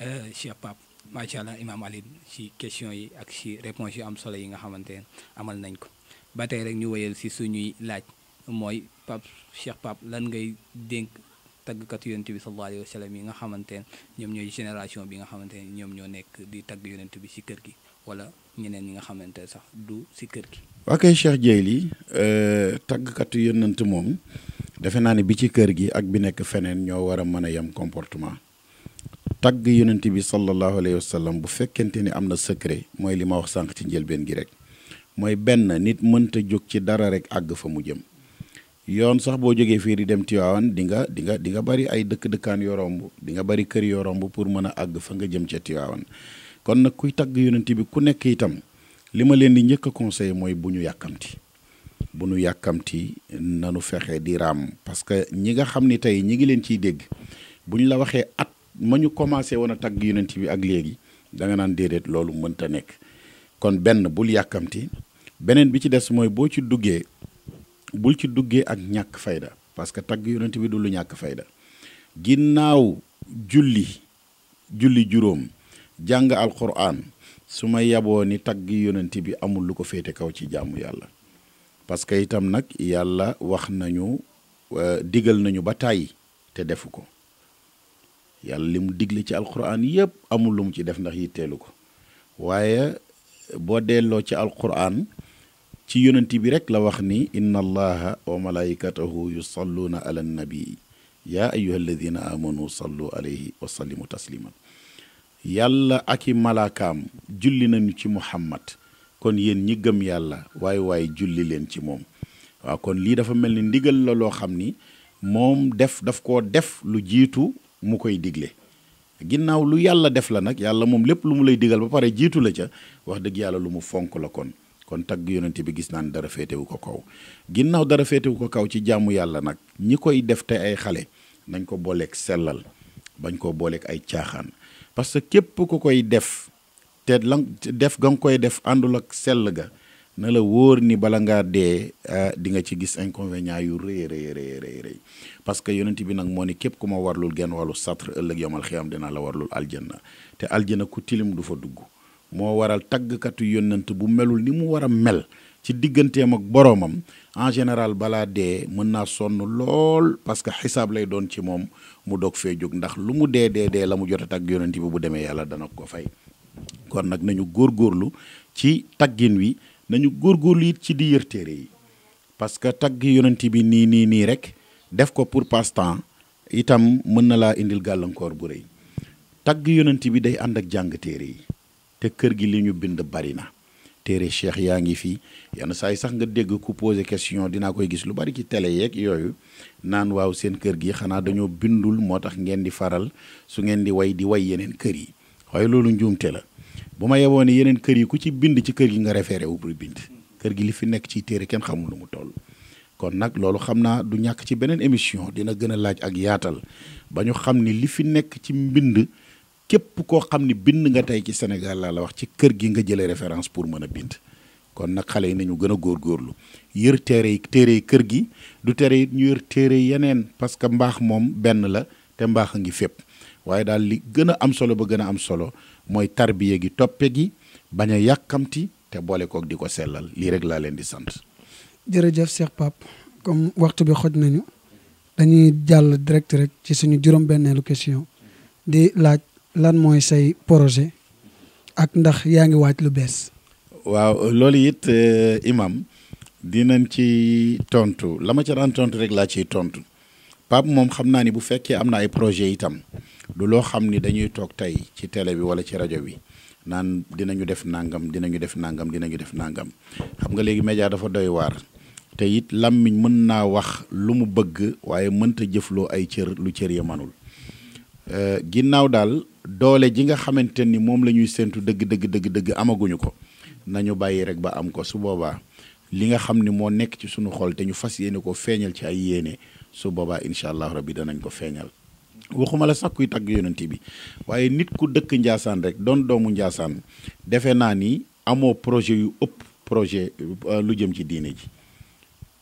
S3: eh, Cheikh Pape macha allah Imaam Ali ci question yi ak ci réponse yu am solo yi nga xamante amal nañ ko ba tey rek ñu wéyal ci suñuy laaj mooy Pape Cheikh Pape lan ngay dénk tàggkat yonent bi sallallahu alayhi wa sallam yi nga xamante ne ñoom ñooy génération bi nga xamante ne ñoom ñoo nekk di tagg yonent bi ci kër gi wala ñeneen ñi nga xamante ne sax du ci kër gi.
S2: waa kay Cheikh Dieyli eh, tàggkatu yonent moom defe naa ne bi ci kër gi ak bi nekk feneen ñoo war a mën a yem comportement. tagg yonent bi sallallahu alayhi Wasallam. bu fekente ni amna secret moy li ma wax sank ci ben gi rek moy ben nit meunta jog ci dara rek ag fa mu jëm yoon sax bo joge fi di dem di nga di nga di nga bari ay dekk dekan yo rombu di nga bari keur yo rombu pour meuna ag fa nga jëm ca Tiwaawan kon nak kuy tagg yonent bi ku nek itam lima len di ñeuk conseil moy buñu yakamti buñu yakamti nanu fexe di ram parce que ñi nga xamni tay ñi ngi len ci dégg buñ la waxé at ma ñu commencé woon a tagg yonent bi ak léegi da nga naan déedéet loolu mënta nekk kon benn bul yàkkamti beneen bi ci des mooy boo ci duggee bul ci duggee ak ñàkk fayda parce que tagg yonent bi du lu ñàkk fayda ginnaaw julli julli juróom jàng alquran su ma yaboo ni tagg yonent bi amul lu ko féete kaw ci jàmm yàlla parce que itam nag yàlla wax nañu euh, digal nañu ba tàyyi te defu ko yàlla li mu ci alquran yëpp amul lu mu ci def ndax yitteelu ko waaye boo delloo ci alquran ci yonent bi rek la wax ni inna allaha wa malaikatahu yusalluuna ala nabii yaa ak i malaakaam julli nañu ci muhammad kon yéen ñi gëm yàlla waaye waaye julli leen ci moom waaw kon lii dafa mel ni ndigal la loo xam ni moom def daf koo def lu jiitu mu koy digle ginnaaw lu yàlla def la nag yàlla moom lépp lu mu lay digal ba pare jiitu la ca wax dëgg yàlla lu mu fonk la kon kon tagg yonent bi gis naan dara féetewu ko kaw ginnaaw dara féetewu ko kaw ci jàmmu yàlla nag ñi koy def te ay xale nañ ko booleeg sellal bañ koo booleek ay caaxaan parce que képp ko koy def te la def ga nga koy def àndul ak sell ga na la wóor ni bala nga dee eh, di nga ci gis inconvénient yu rëy rëy rëy rëy rëy parce que yonent bi nag moo ni képp ku ma warlul genn walu satre ëllëg yomal xiyam dina la warlul aljanna te aljanna ku tilim du fa dugg moo waral taggkatu yonent bu melul ni mu war mel ci digganteem ak boromam en général bala dee mën naa sonn lool parce que xisaab lay doon ci moom mu dog fee jóg ndax lu mu dee dee dee la mu jot a tag yonent bi bu demee yàlla dana ko fay kon nag nañu góorgóorlu ci taggin wi nañu góor góorgóorlu it ci di yër téere yi parce que tagg yonent bi nii nii nii rek def ko pour passe itam mën na laa indil gàllankoor bu rëy tagg yonent bi day ànd ak jàng téere yi te kër gi li ñu bind bari na téere cheikh yaa ngi fi yenn saa yi sax nga dégg ku posé question dinaa koy gis lu bari ci télé yeeg yooyu naan waaw seen kër gi xanaa dañoo bindul moo tax ngeen di faral su ngeen di way di way yeneen kër yi waaye loolu njuumte la bu ma yeboo ne yeneen kër yi ku ci bind ci kër gi nga référé wu pour bind kër gi li fi nekk ci téere kenn xamul lu mu toll kon nag loolu xam naa du ñàkk ci beneen émission dina gën a laaj ak yaatal ba ñu xam ni li fi nekk ci mbind képp koo xam ni bind nga tey ci Sénégal laa la wax ci kër gi nga jëlee référence pour mën a bind kon nag xale yi nañu gën a góorlu yër téere yi téere yi kër gi du téere yi ñu yër téere yeneen parce que mbaax moom benn la te mbaax a ngi fépp waaye daal li gën a am solo ba gën a am solo mooy tarbiye gi toppe gi bañ a yàkkamti te boole kook di ko sellal lii rek laa leen di sant.
S1: jërëjëf Cheikh Pape comme waxtu bi xoj nañu dañuy jàll direct rek ci suñu juróom-benneelu question di laaj lan mooy say projet ak ndax yaa ngi waaj lu bees.
S2: waaw loolu it euh, imam dinañ ci tontu la ma rek laa ci tontu Pape moom xam naa ni bu fekkee am na ay projet itam du lo xamni dañuy tok tay ci télé bi wala ci radio bi nan dinañu def nangam dinañu def nangam dinañu def nangam xam nga légui média dafa doy war té yit lamiñ mën naa wax lu mu bëgg waaye mënta jëflo ay cër lu cër ya manul euh, ginnaw dal doole ji nga xamanteni ni lañuy sentu deug deug deug deug amaguñu ko nañu bayyi rek ba am ko su boba li nga xamni mo nek ci sunu xol té ñu fas ko feñal ci ay yéene su boba inshallah rabbi danañ ko feñal waxuma la sax kuy tagg yonent bi waaye nit ku dëkk Njaasaan rek doon doomu Njaasaan defe naa ni amoo projet yu ëpp projet euh, lu jëm ci diine ji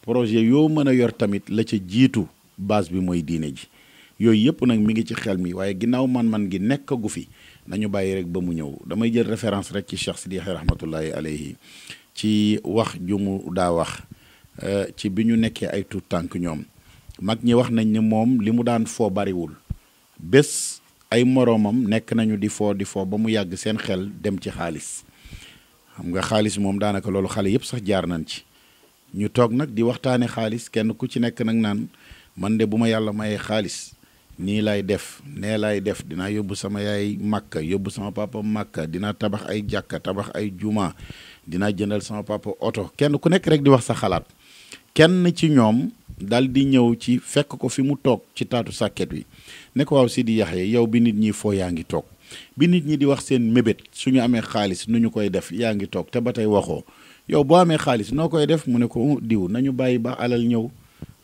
S2: projet yoo mën a yor tamit la ca jiitu base bi mooy diine ji yooyu yëpp nag mi ngi ci xel mi waaye ginnaaw man-man gi nekk gu fi nañu bàyyi rek ba mu ñëw damay jël référence rek ci Cheikh Sidi rahmatullahi alayhi ci wax ju mu daa wax euh, ci bi ñu nekkee ay tuut tànk ñoom mag ñi wax nañ ne moom li mu daan foo bariwul bes ay moromam nek nañu di fo di fo ba mu yag sen xel dem ci xaliss xam nga xaliss mom danaka lolu xali yep sax jaar nañ ci ñu tok nak di waxtane xaliss kenn ku ci nek nak nan man de buma yalla yàlla xaliss ni lay def ne lay def dina yobbu sama yaay Makka, yobbu sama papa Makka, dina tabax ay jakka tabax ay juma dina jëndal sama papa auto kenn ku nek rek di wax sa xalaat kenn ci ñom dal di ñew ci fekk ko fi mu tok ci tatu saket wi ne ko si di Yaxya yow bi nit ñi foo yaa ngi toog bi nit ñi di wax seen mébét su ñu amee xaalis nu ñu koy def yaa ngi toog te ba tey waxoo yow boo amee xaalis noo koy def mu ne ko oh, diw nañu bàyyi ba alal ñëw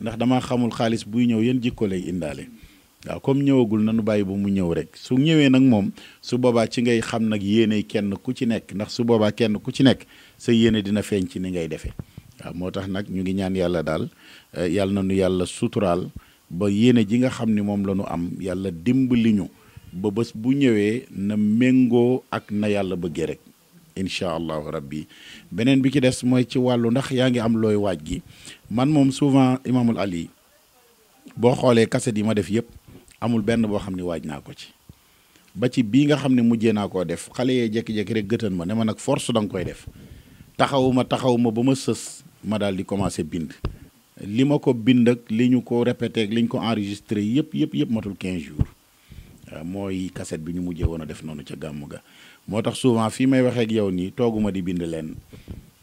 S2: ndax dama xamul xaalis buy ñëw yéen jikko lay indaale waaw comme ñëwagul nanu bàyyi ba mu ñëw rek su ñëwee nag moom su boobaa ci ngay xam nag yéene kenn ku ci nekk ndax su boobaa kenn ku ci nekk sa yéene dina feeñ ci ni ngay defee waaw moo tax nag ñu ngi ñaan yàlla daal eh, yàlla na yàlla suturaal ba yéene ji nga xam ni moom la am yàlla dimbali ñu ba bés bu ñëwee na méngoo ak na yàlla bëggee rek incha allahu bi beneen bi ci des mooy ci wàllu ndax yaa ngi am looy waaj gi man moom souvent imaamul ali boo xoolee kaset yi ma def yëpp amul benn boo xam ni waaj naa ko ci ba ci bii nga xam ne mujjee naa koo def xale yee jékki-jékki rek gëtën ma ne ma nag force da koy def taxawuma ma ma ba ma sës ma daal di commencé bind li ma ko bind ak li ñu ko répété ak li ñu ko enregistré yëpp yëpp yëpp matul 15 jours euh, mooy cassette bi ñu mujjee woon a def noonu ca gàmm ga moo tax souvent fii may waxee yow nii tooguma di bind leen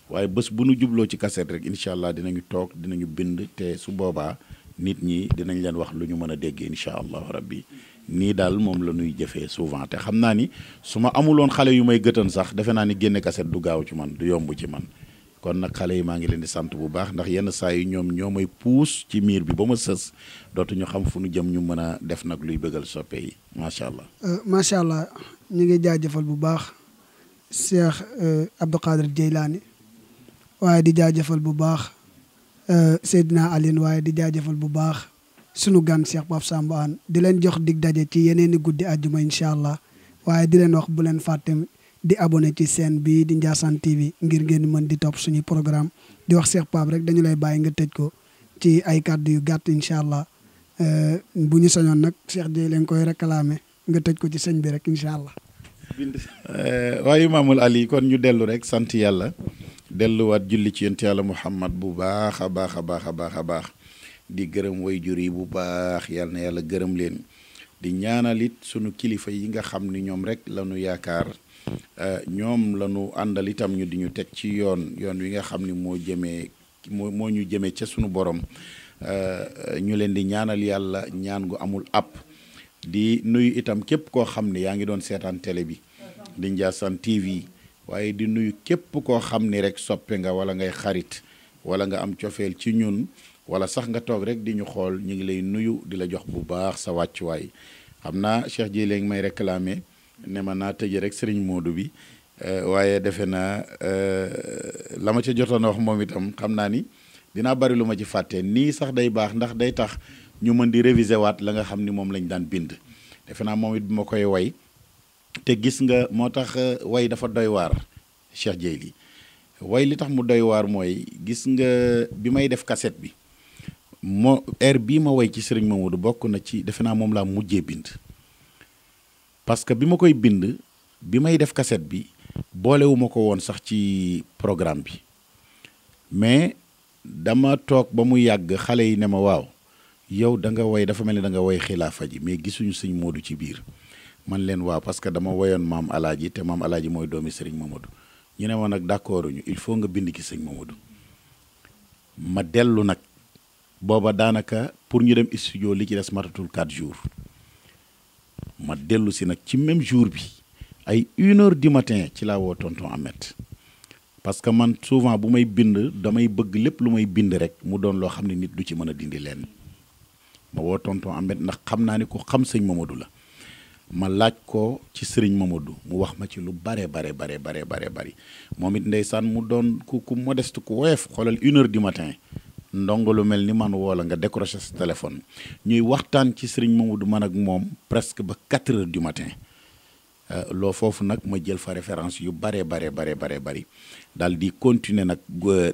S2: waaye bés bu nu jubloo ci cassette rek incha allah dinañu toog dinañu bind te su boobaa nit ñi dinañ leen wax lu ñu mën a déggee incha allahu rabbi nii daal moom la ñuy jëfee souvent te xam naa ni su ma amuloon xale yu may gëtan sax defe naa ni génn cassette du gaaw ci man du yomb ci man. kon nag xale yi maa ngi leen di sant bu baax ndax yenn saa yi ñoom ñoo may puus ci miir bi ba ma sës dootu ñu xam fu ñu jëm ñu mën a def nag luy bëggal soppe yi macha allah.
S1: Euh, macha allah ñu ngi jaajëfal bu baax Cheikh euh, Abdou Khadir Jeylaani waaye di jaajëfal bu baax euh, Seydina Aline waaye di jaajëfal bu baax sunu gan Cheikh Pape Samba Hann di leen jox dig daje ci yeneen i guddi àjjuma incha allah waaye di leen wax bu leen fàtte. di abonné ci chaîne bi di Ndiassane TV ngir ngeen mën di top suñu programme di wax Cheikh Pape rek dañu lay bàyyi nga tëj ko ci ay kàddu yu gàtt incha allah euh, bu ñu sañoon nag Cheikh Dieye leen koy réclamé nga ko ci bi rek incha allah.
S2: Euh, waaye Maamul Ali kon ñu dellu rek sant yàlla julli ci yent Muhammad bu baax haba haba haba haba di gërëm way jur yi bu baax yàlla na yàlla gërëm leen di ñaanalit sunu kilifa yi nga xam ni ñoom rek lañu Euh, ñoom la àndal itam ñu di ñu teg ci yoon yoon wi nga xam ni moo jëmee moo ñu jëmee ca sunu borom euh, ñu leen di ñaanal yàlla ñaan gu amul app di nuyu itam képp koo xam ne yaa ngi doon seetaan télé bi di Ndiassane TV waaye di nuyu képp koo xam ni rek soppe nga wala ngay xarit wala nga am cofeel ci ñun wala sax nga toog rek di ñu xool ñu ngi lay nuyu di la jox bu baax sa wàccuwaay xam naa Cheikh ji léegi may réclamer ne ma naa tëjee rek sëriñ Modou bi euh, waaye defe naa euh, la ma ca jotoon wax moom itam xam naa ni dinaa bari lu ma ci fàtte nii sax day baax ndax day tax ñu mën di révisé waat la nga xam ni moom lañ daan bind. defe naa moom it bi ma koy way te gis nga moo tax euh, way dafa doy waar Cheikh Dieyli way li tax mu doy waar mooy gis nga bi may def kaset bi moo air bii ma way ci sëriñ Mamadou bokk na ci defe naa moom laa mujjee bind. parce que bi ma koy bind bi may def kaset bi boolewuma ko woon sax ci programme bi mais dama toog ba mu yàgg xale yi ne ma waaw yow da nga woy dafa mel ni danga nga woy xilaafa ji mais gisuñu sëñ Modou ci biir man leen waaw parce que dama woyoon maam alaaji te maam alaaji mooy doomi sëriñ Mamadou ñu ne ma nag d'accord ñu il faut nga bind ci sañ Mamadou ma dellu nag booba daanaka pour ñu dem studio li ci des matatul 4 jour ma dellu si nag ci même jour bi ay une heure matin ci laa woo tonton Ameth parce que man souvent bu may bind damay bëgg lépp lu may bind rek mu doon loo xam ne nit du ci mën a dindi leen ma woo tonton Ameth ndax xam naa ni ko xam sëñ Mamadou la ma laaj ko ci sëriñ Mamadou mu wax ma ci lu bare bare bare bare bare bari moom it ndey ndeysaan mu doon ku ku modeste ku woyof xoolal uneur heure matin ndongo lu mel ni man woo la nga décroché sa téléphone ñuy waxtaan ci sëriñ Mamadou man ak moom presque ba quatre heures du matin euh, loo foofu nag ma jël fa référence yu bare bare bare bare bari daal di continuer nag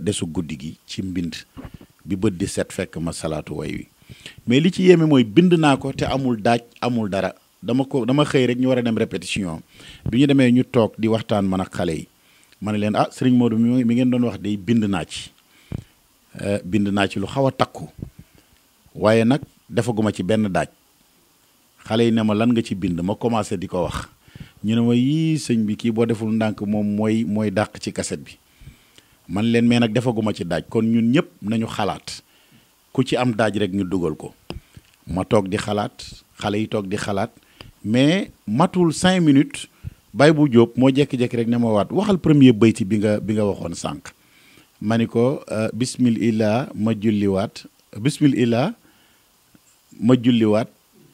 S2: desu guddi gi ci mbind bi bët di set fekk ma salaatu woy wi mais li ci yéeme mooy bind naa ko te amul daaj amul dara dama ko dama xëy rek ñu war a dem répétition bi ñu demee ñu toog di waxtaan man ak xale yi ma ne leen ah sëriñ Modou mi mi ngeen doon wax de bind naa ci Eh, bind naa ci lu xaw a takku waaye nag defaguma ci benn daaj xale yi ne ma lan nga ci bind ma commencé di ko wax ñu ne ma yii sëñ bi kii boo deful ndànk moom mooy mooy dàq ci kaset bi man leen mais nag defaguma ci daaj kon ñun ñëpp nañu xalaat ku ci am daaj rek ñu dugal ko ma toog di xalaat xale yi toog di xalaat mais matul cinq minutes bay bu jóob moo jékki-jékki rek ne ma waat waxal premier bayti bi nga bi nga waxoon sànq ma ni ko euh, bismillah ma julliwaat bismillah ma julliwaat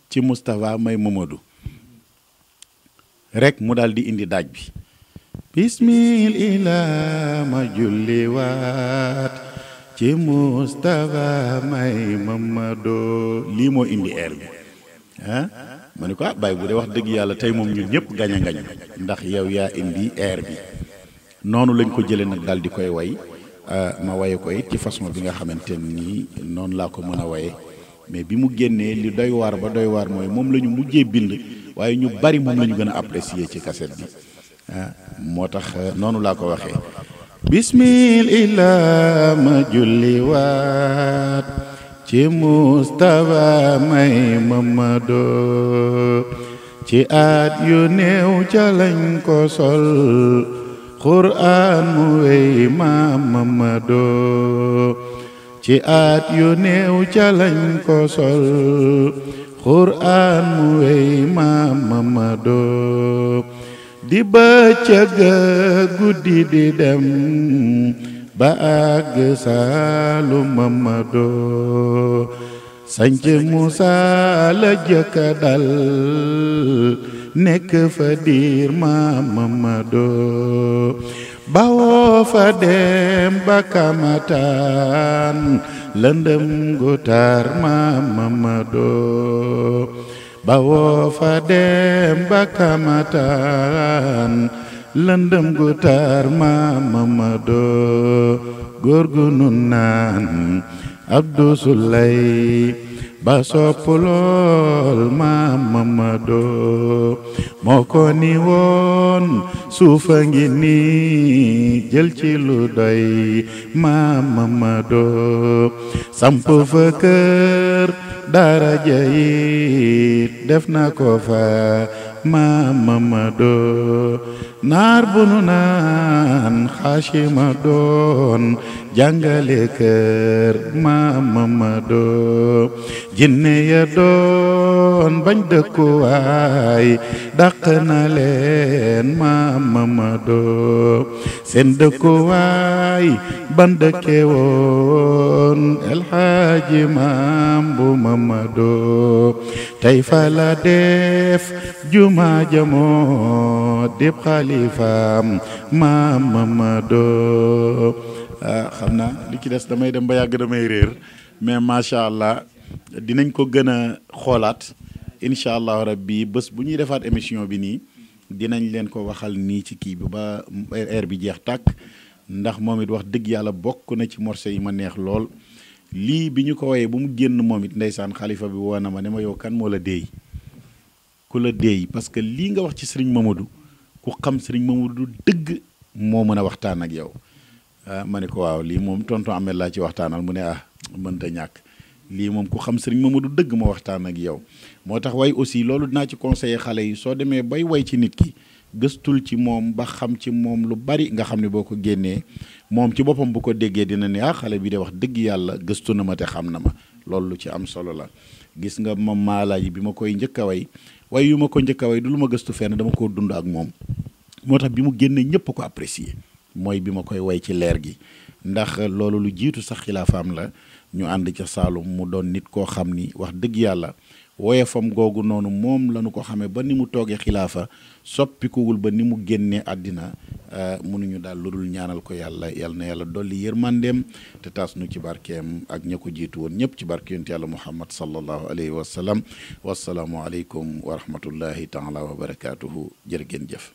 S2: ci Moustapha may Mamadou rek mu daldi indi daaj bi bismillah ma julliwaat ci Moustapha may Mamadou lii moo indi air bi ah ko ah bàyyi bu dee wax dëgg yàlla tey moom ñun ñëpp gañ a ndax yow yaa indi air bi noonu lañ ko jëlee nag daal di koy way Euh, ma waye ko ci façon bi nga xamante nii noonu laa ko mën a waye mais bi mu génnee li doy waar ba doy waar mooy moom lañu mujjee bind waaye ñu bari moom la ñu gën a apprécier ci kaset bi ah, moo tax euh, noonu laa ko waxee bismil ilaa ma julliwaat ci Mustafa may Mamadu ci aat yu néew ca lañ ko sol alxuraan mu wey maam Mamadu ci at yu néew ca lañ ko sol xuraan mu wey maam Mamadu di bëccëg guddi di dem ba àgg saalu Mamadu sanc Musaa la jëkka dal nekk fa diir maam Mamadou bawoo fa dem ba kamataan lëndëm gu tar maam Mamadou bawoo fa dem ba kamataan lëndëm gu tar maam Mamadou góor gu nun naan Abdou Souley ba sopp lool maam Mamadu moo ko ni woon suufa ngi ni jël ci lu doy maam Mamadu samp fa kër dara jayit def na ko fa maamama doon naar bu nu naan xaasima doon jàngale kër maamama doon jinne doon bañ dëkkuwaay dàq na leen maamama doon seen dëkkuwaay ban dëkke woon El Hadji Maam bu mama doon tey fa la def juma jamoo dib xalifaam maam Mamadou ah, xam naa li ci des damay dem ba yàgg damay réer mais macha allah dinañ ko gën a xoolaat incha allah rabbi bés bu ñuy defaat émission bi nii dinañ leen ko waxal nii ci kii bi ba air bi jeex tàkk ndax moom it wax dëgg yàlla bokk na ci morceau yi ma neex lool. lii bi ñu ko woyee bu mu génn moom it ndeysaan xalifa bi woo na ma ne ma yow kan moo la déey ku la déey parce que lii nga wax ci sëriñ du ku xam sëriñ du dëgg moo mën a waxtaan ak yow ah, ma ne ko waaw lii moom tonton Amel laa ci waxtaanal mu ne ah mënta ñàkk lii moom ku xam sëriñ Mamadou dëgg ma waxtaan ak yow moo tax way aussi loolu dinaa ci conseiller xale yi soo demee bay way ci nit ki gëstul ci moom ba xam ci moom lu bari nga xam ne boo ko génnee moom ci boppam bu ko déggee dina ne ah xale bi de wax dëgg yàlla gëstu na ma te xam na ma loolu lu ci am solo la gis nga ma maalaaji bi ma koy njëkk a way waaye yu ma ko njëkk a du lu ma gëstu fenn dama ko dund ak moom moo tax bi mu génnee ñëpp ko apprécier mooy bi ma koy way ci leer gi ndax loolu lu jiitu sax xilaafaam la ñu ànd ca Saalum mu doon nit koo xam ni wax dëgg yàlla woyefam googu noonu moom la ñu ko xamee ba ni mu toogee xilaafa soppikuwul ba ni mu génnee àddina euh, mënuñu daal lu dul ñaanal ko yàlla yàlla na yàlla dolli yërmandeem te taas nu ci barkeem ak ña ko jiitu woon ñëpp ci barke yonent yàlla muhammad sallallahu alayhi wa sallam wasalaamualeykum wa rahmatullahi taala wa barakaatuhu jërë ngeen jëf